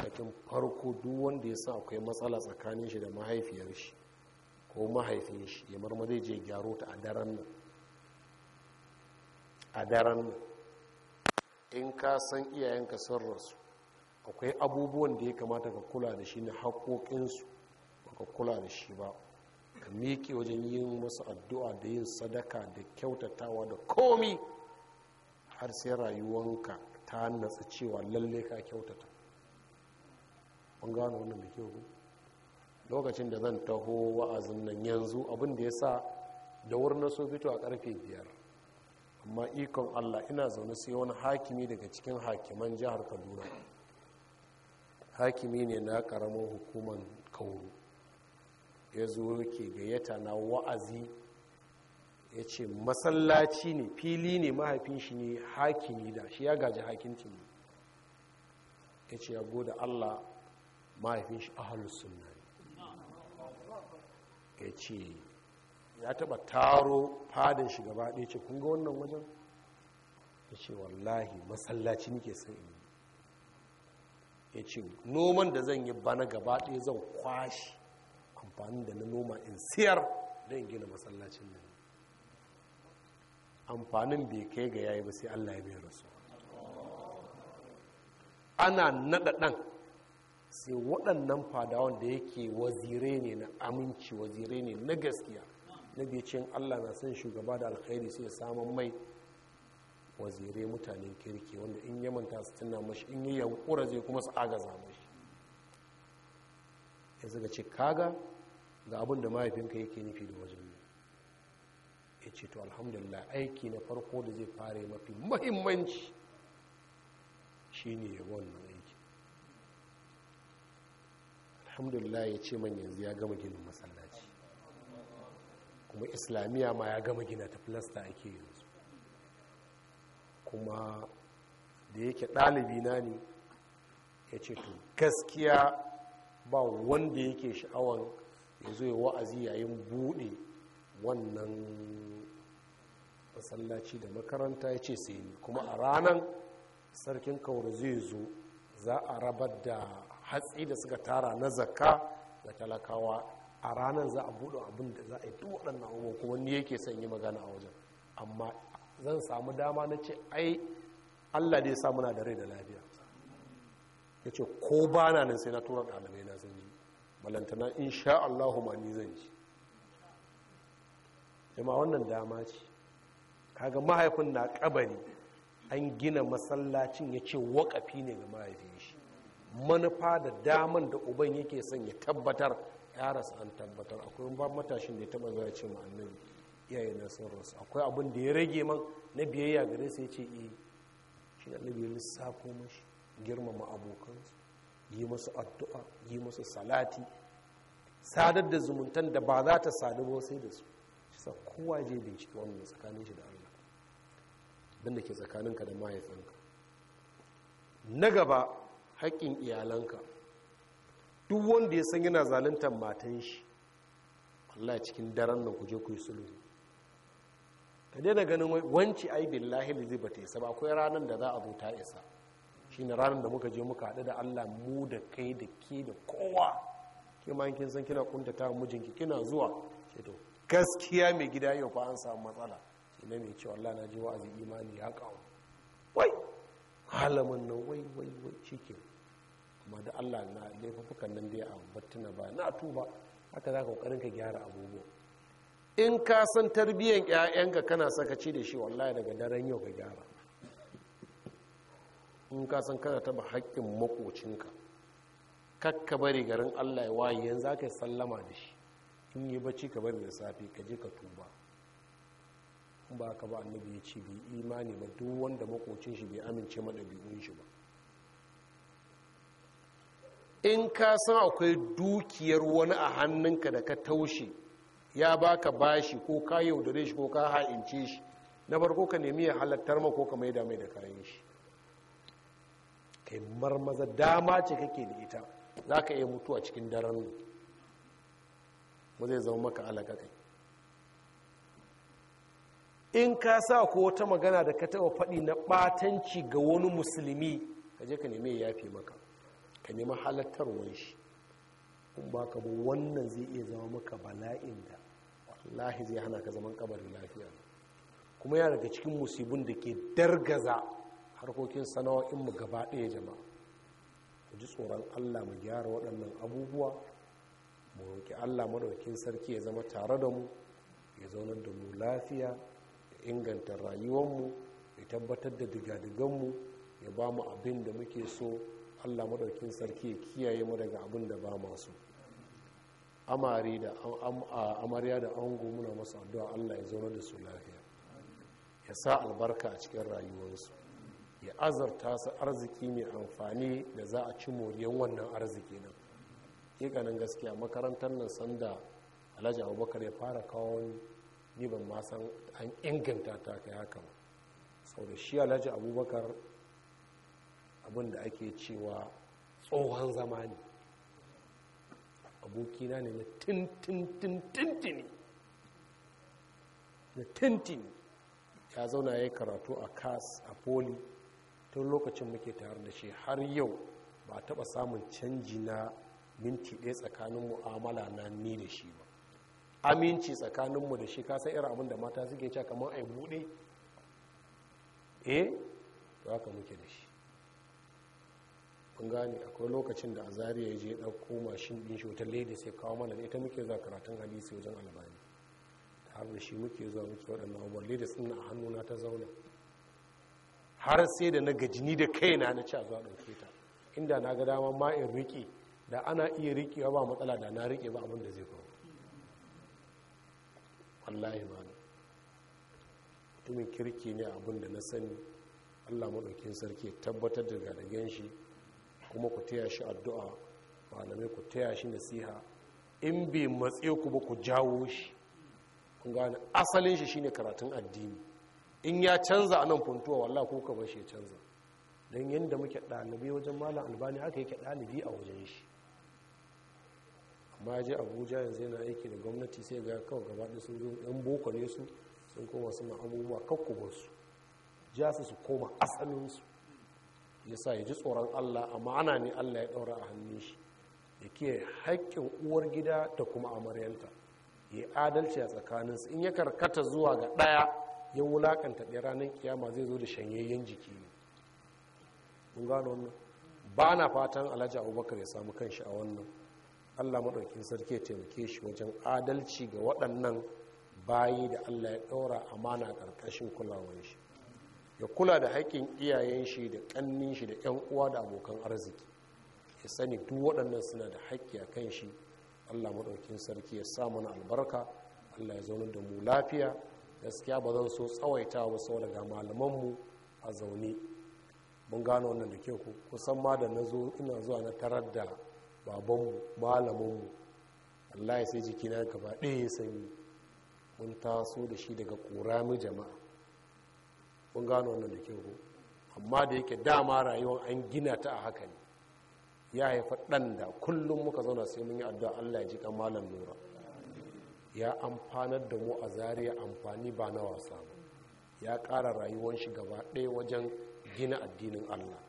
cikin farko duk wanda ya san akwai matsala tsakanin shi da mahaifiyar shi ko mahaifin shi ya marma zai je gyaro ta a daren nan a daren nan in ka san iyayenka sun rasu akwai abubuwan da ya kamata ka kula da shi na haƙoƙinsu ba ka kula da shi ba ka miƙe wajen yin masu addu'a da yin sadaka da kyautatawa da komi har sai rayuwanka ta natsa cewa lalle ka kyautata ban gano wannan da kyau lokacin da zan taho wa'azin nan yanzu abin da ya sa da wurin na fito a karfe biyar amma ikon allah ina zaune sai wani hakimi daga cikin hakiman jihar kaduna hakimi ne na karamar hukumar kauru ya zo ke gayyata na wa'azi ya ce masallaci ne fili ne mahaifin shi ne hakimi da shi ya gaji hakinci ne ya ce ya goda allah mahaifin shi ahalus sunna ne ya ce ya taba taro fadin shi ba ɗaya ce kunga wannan wajen ya ce wallahi masallaci ke son in ya ce noman da zan yi bana gaba ɗaya zan kwashi amfani da na noma in siyar don gina masallacin nan amfanin bai kai ga yayi ba sai allah ya bai rasu ana naɗa ɗan sai waɗannan fadawan da yake wazire ne na aminci wazire ne na gaskiya na bicin allah na son shugaba da alkhairi sai samun mai wazire mutanen kirki wanda in ya manta su tuna mashi in yi yankura zai kuma su agaza mashi ya zaga ce kaga ga abin da mahaifinka yake nufi da wajen ya ce to alhamdulillah aiki na farko da zai fara mafi mahimmanci shi ne wannan aiki alhamdulillah ya ce man yanzu ya gama ginin masallaci kuma islamiyya ma ya gama gina ta filasta ake yanzu kuma da yake ɗalibi na ne ya ce to gaskiya ba wanda yake sha'awan ya zo ya wa'azi yayin buɗe wannan masallaci da makaranta ya ce sai kuma a ranar sarkin kawar zai zo za a rabar da hatsi da suka tara na zakka da talakawa a ranar za a buɗe abin da za a yi duk waɗannan abubuwa kuma ni yake son yi magana a wajen amma zan samu dama na ce ai allah da ya sa muna da rai da lafiya ya ce ko ba na nan sai na tura ɗalibai na yi. balantana insha Allahu ma ni zan ji jama wannan dama ce kaga mahaifin na kabari an gina masallacin ya ce wakafi ne ga mahaifin shi manufa da daman da uban yake son ya tabbatar ya rasu an tabbatar akwai ba matashin da ya taba zai ce ma'annin iyaye na sun rasu akwai abin da ya rage man na biyayya gare sai ce iya eh, shi da ya lissafo mashi girmama abokansu yi masu addu'a yi masu salati sadar da zumuntan da ba za ta sadu ba sai da su sa kowa zai bincike wannan tsakanin shi da Allah abinda ke tsakaninka da mahaifinka na gaba haƙƙin iyalanka duk wanda ya san yana zaluntar matan shi Allah cikin daren nan kuje ku yi sulhu ka daina ganin wanci ai billahi lizi ba ta isa ba akwai ranar da za a zo ta isa shine ranar da muka je muka haɗu da Allah mu da kai da ke da kowa ke ma kin san kina kuntata mijinki kina zuwa ce gaskiya mai gida yau fa an samu matsala Ina ne mai cewa Allah na ji wa'azi imani ya kawo wai halaman nan wai wai wai shike amma da Allah na laifafukan nan da ya ambattuna ba na tuba haka za ka kokarin ka gyara abubuwa in ka san tarbiyyar 'ya'yanka kana sakaci da shi wallahi daga daren yau ka gyara in ka san kana taba haƙƙin makocinka kakka bari garin allah ya waye yanzu aka yi sallama da shi in yi bacci ka bari da safe ka je ka tuba ba ka ba annabi ya ce bai imani ba duk wanda makocin shi bai amince ma ɗabi'un shi ba in ka san akwai dukiyar wani a hannunka da ka taushe ya baka bashi ko ka yaudare shi ko ka ha'ince shi na farko ka nemi ya halattar ma ko ka maida mai da kayan shi kai marmaza dama ce kake da ita za ka iya mutuwa cikin daren nan ba zai zama maka alaƙa kai in ka sa ko wata magana da ka taɓa faɗi na ɓatanci ga wani musulmi ka je ka neme ya fi maka ka nemi halattarwar shi kun ba ka wannan zai iya zama maka bala'in da wallahi zai hana ka zaman kabarin lafiya kuma yana daga cikin musibin da ke dargaza harkokin sana'o'inmu gaba ɗaya jama'a ku ji tsoron allah mu gyara waɗannan abubuwa mu roƙi allah maɗaukin sarki ya zama tare da mu ya zaunar da mu lafiya ya inganta mu ya tabbatar da digadiganmu ya ba mu abin da muke so allah maɗaukin sarki ya kiyaye mu daga abin da ba masu amarya da ango muna masu addu'a allah ya zauna da su lafiya ya sa albarka a cikin rayuwarsu ya azarta su arziki mai amfani da za a ci moriyan wannan arziki nan ƙiƙanin gaskiya makarantar nan sanda alhaji abubakar ya fara kawo ni ban ma san an inganta ta kai haka ba sau da shi alhaji abubakar abin da ake cewa tsohon zamani abokina ne na tintintintintini na tintini ya zauna ya yi karatu a kas a poli tun lokacin muke tare da shi har yau ba taɓa samun canji na minti ɗaya tsakanin mu'amala na ni da shi ba aminci tsakaninmu da shi kasan irin abin da mata suke cewa kamar a yi buɗe eh to haka muke da shi kun gane akwai lokacin da azariya ya je ɗauko mashin ɗin shi wata leda sai kawo mana da ita muke zuwa karatun hadisi wajen albani har da shi muke zuwa muke waɗannan abubuwan lady suna a hannuna ta zauna har sai da na gajini da kaina na ci a zuwa ɗauke ta inda na ga dama ma in riƙe da ana iya riƙewa ba matsala da na riƙe ba abin da zai faru wallahi ma mutumin kirki ne abin da na sani allah maɗaukin sarki tabbatar da gadagen shi kuma ku taya shi addu'a malamai ku taya shi nasiha in bai matse ku ba ku jawo shi kun gane asalin shi shine karatun addini in ya canza nan funtuwa wallah ko kamar shi canza don yadda muke dalibi wajen malam albani haka yake dalibi a wajen shi amma je abuja yanzu yana aiki da gwamnati sai ga kawo gaba da sun zo yan boko ne su sun koma suna abubuwa kakkubar su ja su su koma asalinsu ya sa ya ji tsoron allah amma ana ne allah ya ɗaura a hannun shi ya ke haƙƙin uwar gida da kuma amaryanta ya adalci a tsakaninsu in ya karkata zuwa ga ɗaya ya wulakanta ɗaya ranar kiyama zai zo da shanyayyen jiki ne mun gano wannan ba na fatan alhaji abubakar ya samu kanshi a wannan allah maɗaukin sarki ya taimake shi wajen adalci ga waɗannan bayi da allah ya ɗaura amana ƙarƙashin kulawar shi ya kula da haƙƙin iyayen shi da ƙannin shi da ƴan uwa da abokan arziki ya sani duk waɗannan suna da haƙƙi a kan shi allah maɗaukin sarki ya sa mana albarka allah ya zaunar da mu lafiya gaskiya ba zan so tsawaita ba sau daga malamanmu a zaune mun gano wannan da kyau kusan ma da na zo ina zuwa na tarar da babanmu malaminmu allah ya sai jikina gaba ɗaya ya sanyi mun taso da shi daga mu jama'a mun gano wannan da kyau amma da yake dama rayuwar an gina ta a haka ne ya haifa ɗan da kullum muka zauna sai mun yi addu'a allah ya ji kan malam nura ya amfanar da mu a zariya amfani ba na wasa ba ya ƙara rayuwar shi gaba ɗaya wajen gina addinin allah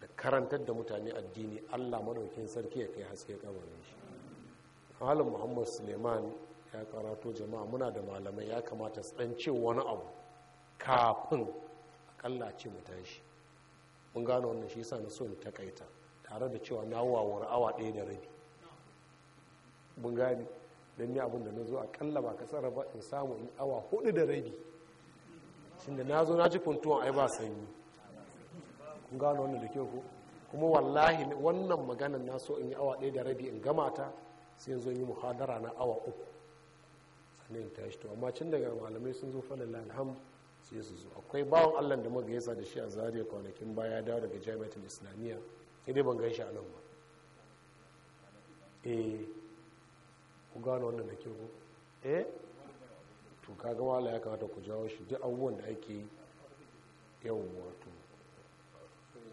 da karantar da mutane addini allah maɗaukin sarki ya kai haske kabarin shi halin muhammad suleiman ya karato jama'a muna da malamai ya kamata su ɗan wani abu kafin akalla ce mu tashi mun gano wannan shi yasa na so in takaita tare da cewa na wawar awa ɗaya da rabi mun gani don ni abin da na zo a akalla ba kasar ba in samu in awa hudu da rabi shi da na zo na ci kuntuwan ai ba sanyi kun gano wannan da ke ku. kuma wallahi wannan maganan na so in yi awa ɗaya da rabi in gama ta sai zo yi muhadara na awa uku sannan in tashi to amma cin daga malamai sun zo falalla alhamdu sai su zo akwai bawan allah da muka yasa da shi a zariya kwanakin baya ya dawo daga jami'atul islamiyya idai ban gan shi a nan ba eh ku gano wannan da kyau eh to kaga wala ya kamata ku jawo shi duk abubuwan da ake yau wato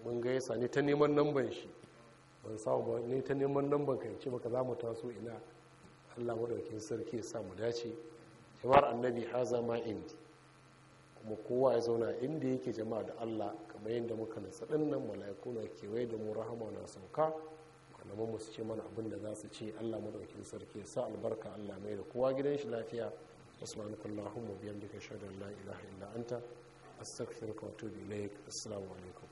mun ga yasa ne ta neman namban shi ban samu ba ne ta neman namban kan ce baka za mu taso ina Allah madaukin sarki ya sa mu dace jama'ar annabi haza ma indi kuma kowa ya zauna inda yake jama'a da Allah kamar yadda muka nasa dinnan mala'iku na kewaye da mu rahama na sauka malaman mu su ce mana abin da za su ce Allah madaukakin sarki sa albarka Allah mai da kowa gidan shi lafiya subhanakallahumma mu bihamdika duka an la ilaha illa anta astaghfiruka wa atubu ilaik assalamu alaikum